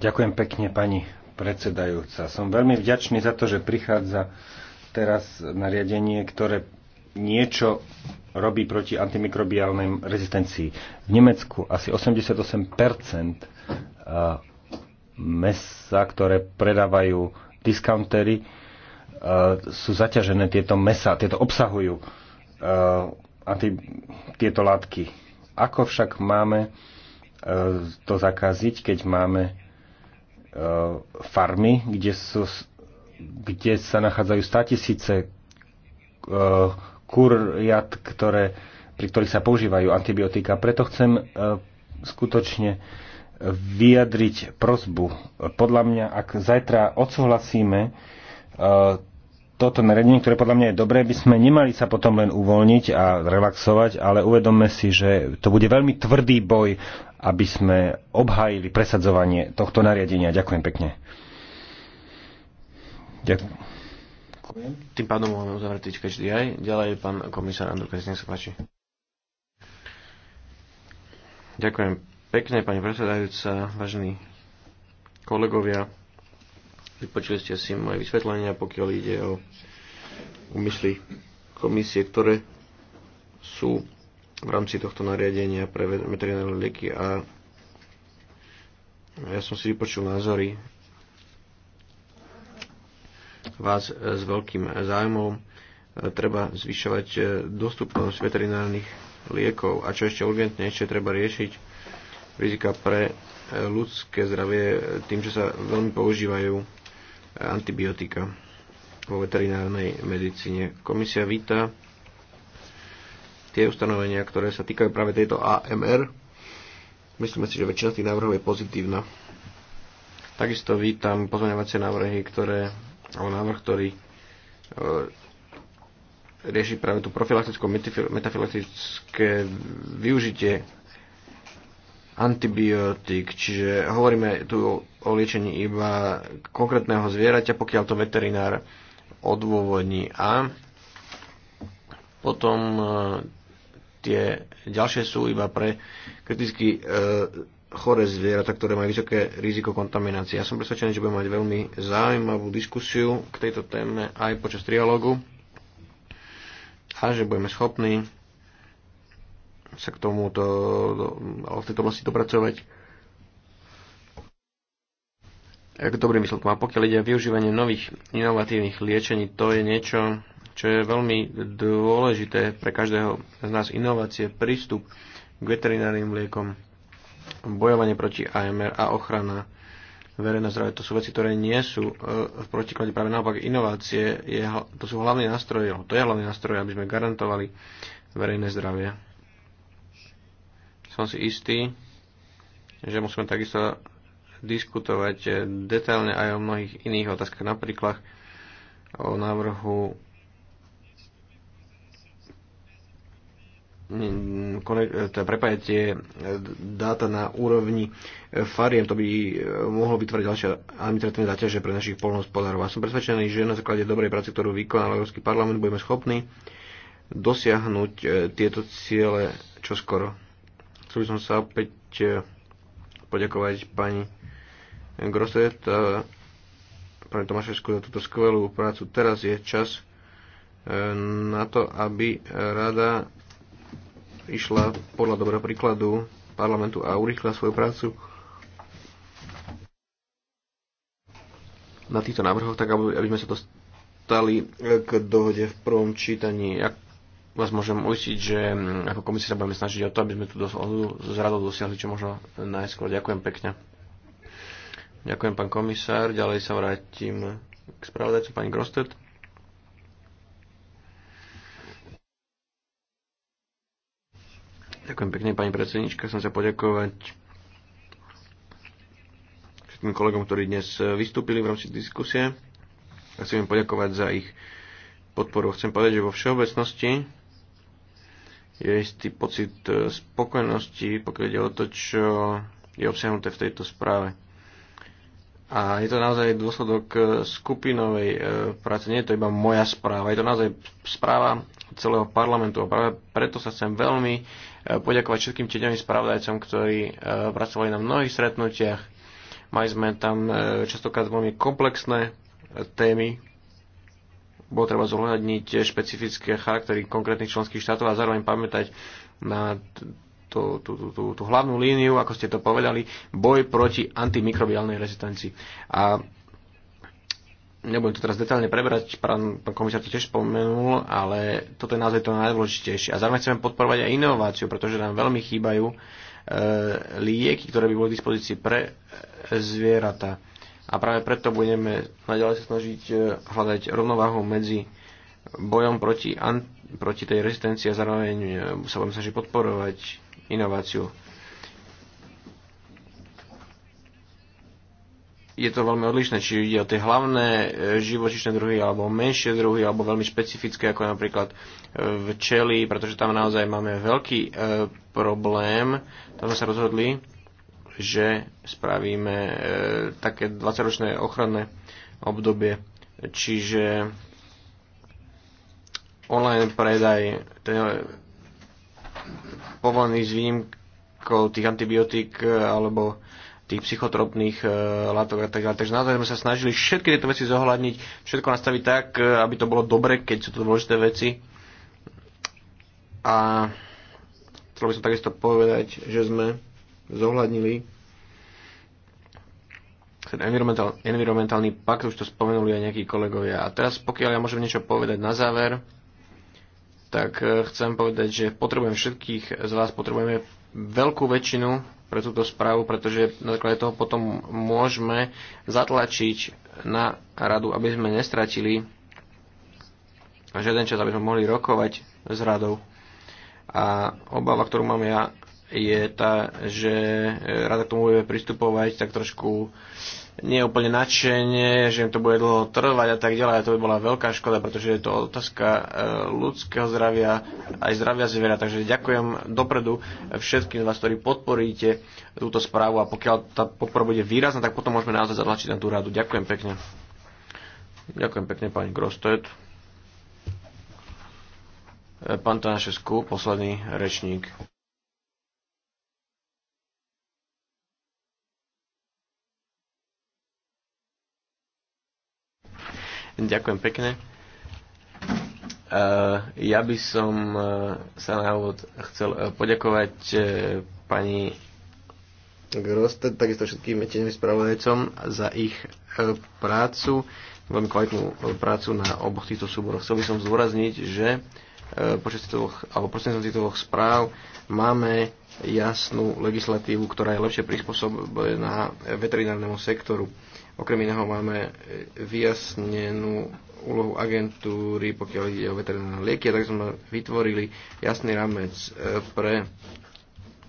Speaker 1: Ďakujem
Speaker 2: pekne, pani predsedajúca. Som veľmi vďačný za to, že prichádza teraz nariadenie, ktoré niečo robí proti antimikrobiálnej rezistencii. V Nemecku asi 88% mesa, ktoré predávajú discountery, sú zaťažené tieto mesa, tieto obsahujú tieto látky. Ako však máme e, to zakaziť, keď máme E, farmy, kde, sú, kde sa nachádzajú statisíce e, kuriat, ktoré, pri ktorých sa používajú antibiotika. Preto chcem e, skutočne vyjadriť prozbu. Podľa mňa, ak zajtra odsúhlasíme toto nariadenie, ktoré podľa mňa je dobré, by sme nemali sa potom len uvoľniť a relaxovať, ale uvedomme si, že to bude veľmi tvrdý boj, aby sme obhájili presadzovanie tohto nariadenia. Ďakujem pekne. Ďakujem.
Speaker 1: Tým pádom môžeme uzavrieť každý aj. Ďalej pán komisár Andrukaj, nech sa páči. Ďakujem pekne, pani predsedajúca, vážení kolegovia. Vypočuli ste si moje vysvetlenia, pokiaľ ide o úmysly komisie, ktoré sú v rámci tohto nariadenia pre veterinárne lieky a ja som si vypočul názory vás s veľkým zájmom. Treba zvyšovať eh, dostupnosť veterinárnych liekov a čo ešte ešte treba riešiť rizika pre eh, ľudské zdravie eh, tým, že sa veľmi používajú antibiotika vo veterinárnej medicíne. Komisia víta tie ustanovenia, ktoré sa týkajú práve tejto AMR. Myslíme si, že väčšina tých návrhov je pozitívna. Takisto vítam pozmeňovacie návrhy, ktoré, alebo návrh, ktorý e, rieši práve tú profilaktickú metafilaktické využitie antibiotik, čiže hovoríme tu o liečení iba konkrétneho zvieraťa, pokiaľ to veterinár odôvodní. A potom e, tie ďalšie sú iba pre kriticky e, chore zvieratá, ktoré majú vysoké riziko kontaminácie. Ja som presvedčený, že budeme mať veľmi zaujímavú diskusiu k tejto téme aj počas trialógu a že budeme schopní sa k tomuto, v tejto oblasti dopracovať Ako dobrým myslok A pokiaľ ide o využívanie nových inovatívnych liečení, to je niečo, čo je veľmi dôležité pre každého z nás. Inovácie, prístup k veterinárnym liekom, bojovanie proti AMR a ochrana verejné zdravie. To sú veci, ktoré nie sú e, v protiklade. Práve naopak inovácie, je, to sú hlavné nástroje, to je hlavný nástroj, aby sme garantovali verejné zdravie som si istý, že musíme takisto diskutovať detailne aj o mnohých iných otázkach, napríklad o návrhu teda dáta na úrovni fariem, to by mohlo vytvoriť ďalšie administratívne záťaže pre našich polnohospodárov. A som presvedčený, že na základe dobrej práce, ktorú vykonal Európsky parlament, budeme schopní dosiahnuť tieto ciele čoskoro. Chcel by som sa opäť e, poďakovať pani Grosset a pani Tomášovskú za túto skvelú prácu. Teraz je čas e, na to, aby rada išla podľa dobrého príkladu parlamentu a urýchla svoju prácu na týchto návrhoch, tak aby sme sa dostali k dohode v prvom čítaní. Ak vás môžem uistiť, že mm, ako komisia sa budeme snažiť o to, aby sme tu dohodu z radou dosiahli čo možno najskôr. Ďakujem pekne. Ďakujem, pán komisár. Ďalej sa vrátim k spravodajcu pani Grostet. Ďakujem pekne, pani predsednička. Chcem sa poďakovať všetkým kolegom, ktorí dnes vystúpili v rámci diskusie. chcem im poďakovať za ich podporu. Chcem povedať, že vo všeobecnosti je istý pocit e, spokojnosti, pokiaľ ide o to, čo je obsiahnuté v tejto správe. A je to naozaj dôsledok e, skupinovej e, práce, nie je to iba moja správa, je to naozaj správa celého parlamentu a práve preto sa chcem veľmi poďakovať všetkým tieňovým spravodajcom, ktorí pracovali na mnohých stretnutiach. Mali sme tam častokrát veľmi komplexné témy, bolo treba zohľadniť špecifické charaktery konkrétnych členských štátov a zároveň pamätať na tú, tú, tú, tú, tú hlavnú líniu, ako ste to povedali, boj proti antimikrobiálnej rezistencii. A nebudem to teraz detálne preberať, pán, pán komisár to tiež spomenul, ale toto je naozaj to najdôležitejšie. A zároveň chceme podporovať aj inováciu, pretože nám veľmi chýbajú e, lieky, ktoré by boli k dispozícii pre e, zvieratá a práve preto budeme naďalej sa snažiť e, hľadať rovnováhu medzi bojom proti, proti tej rezistencii a zároveň e, sa budeme snažiť podporovať inováciu. Je to veľmi odlišné, či ide o tie hlavné e, živočišné druhy, alebo menšie druhy, alebo veľmi špecifické, ako je napríklad včely, pretože tam naozaj máme veľký e, problém. Tam sme sa rozhodli, že spravíme e, také 20-ročné ochranné obdobie. Čiže online predaj ten, e, povolený s výnimkou tých antibiotík e, alebo tých psychotropných e, látok a tak ďalej. Takže naozaj sme sa snažili všetky tieto veci zohľadniť, všetko nastaviť tak, e, aby to bolo dobre, keď sú to dôležité veci. A chcel by som takisto povedať, že sme zohľadnili ten environmental, environmentálny pakt, už to spomenuli aj nejakí kolegovia. A teraz, pokiaľ ja môžem niečo povedať na záver, tak eh, chcem povedať, že potrebujem všetkých z vás, potrebujeme veľkú väčšinu pre túto správu, pretože na základe toho potom môžeme zatlačiť na radu, aby sme nestratili žiaden čas, aby sme mohli rokovať s radou. A obava, ktorú mám ja, je tá, že e, rada k tomu budeme pristupovať tak trošku nie úplne nadšenie, že im to bude dlho trvať a tak ďalej. A to by bola veľká škoda, pretože je to otázka e, ľudského zdravia, aj zdravia zviera. Takže ďakujem dopredu všetkým z vás, ktorí podporíte túto správu a pokiaľ tá podpora bude výrazná, tak potom môžeme naozaj zatlačiť na tú radu. Ďakujem pekne. Ďakujem pekne pani Grostet. E, pán Tanašesku, posledný rečník. Ďakujem pekne. Ja by som e, sa na úvod chcel e, poďakovať e, pani Grosted, takisto všetkým tieňovým spravodajcom za ich prácu, veľmi kvalitnú prácu na oboch týchto súboroch. Chcel by som zdôrazniť, že počas týchto, alebo týchto správ máme jasnú legislatívu, ktorá je lepšie prispôsobená veterinárnemu sektoru. Okrem iného máme e, vyjasnenú úlohu agentúry, pokiaľ ide o veterinárne lieky, tak sme vytvorili jasný rámec e, pre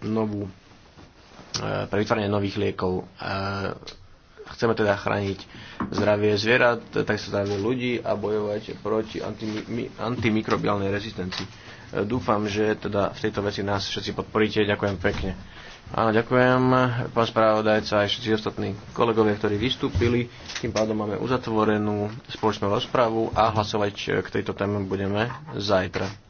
Speaker 1: novú e, pre vytvorenie nových liekov. Chceme teda chrániť zdravie zvierat, tak sa zdravie ľudí a bojovať proti antimikrobiálnej rezistencii. Dúfam, že teda v tejto veci nás všetci podporíte. Ďakujem pekne. Áno, ďakujem, pán spravodajca, aj všetci ostatní kolegovia, ktorí vystúpili. Tým pádom máme uzatvorenú spoločnú rozpravu a hlasovať k tejto téme budeme zajtra.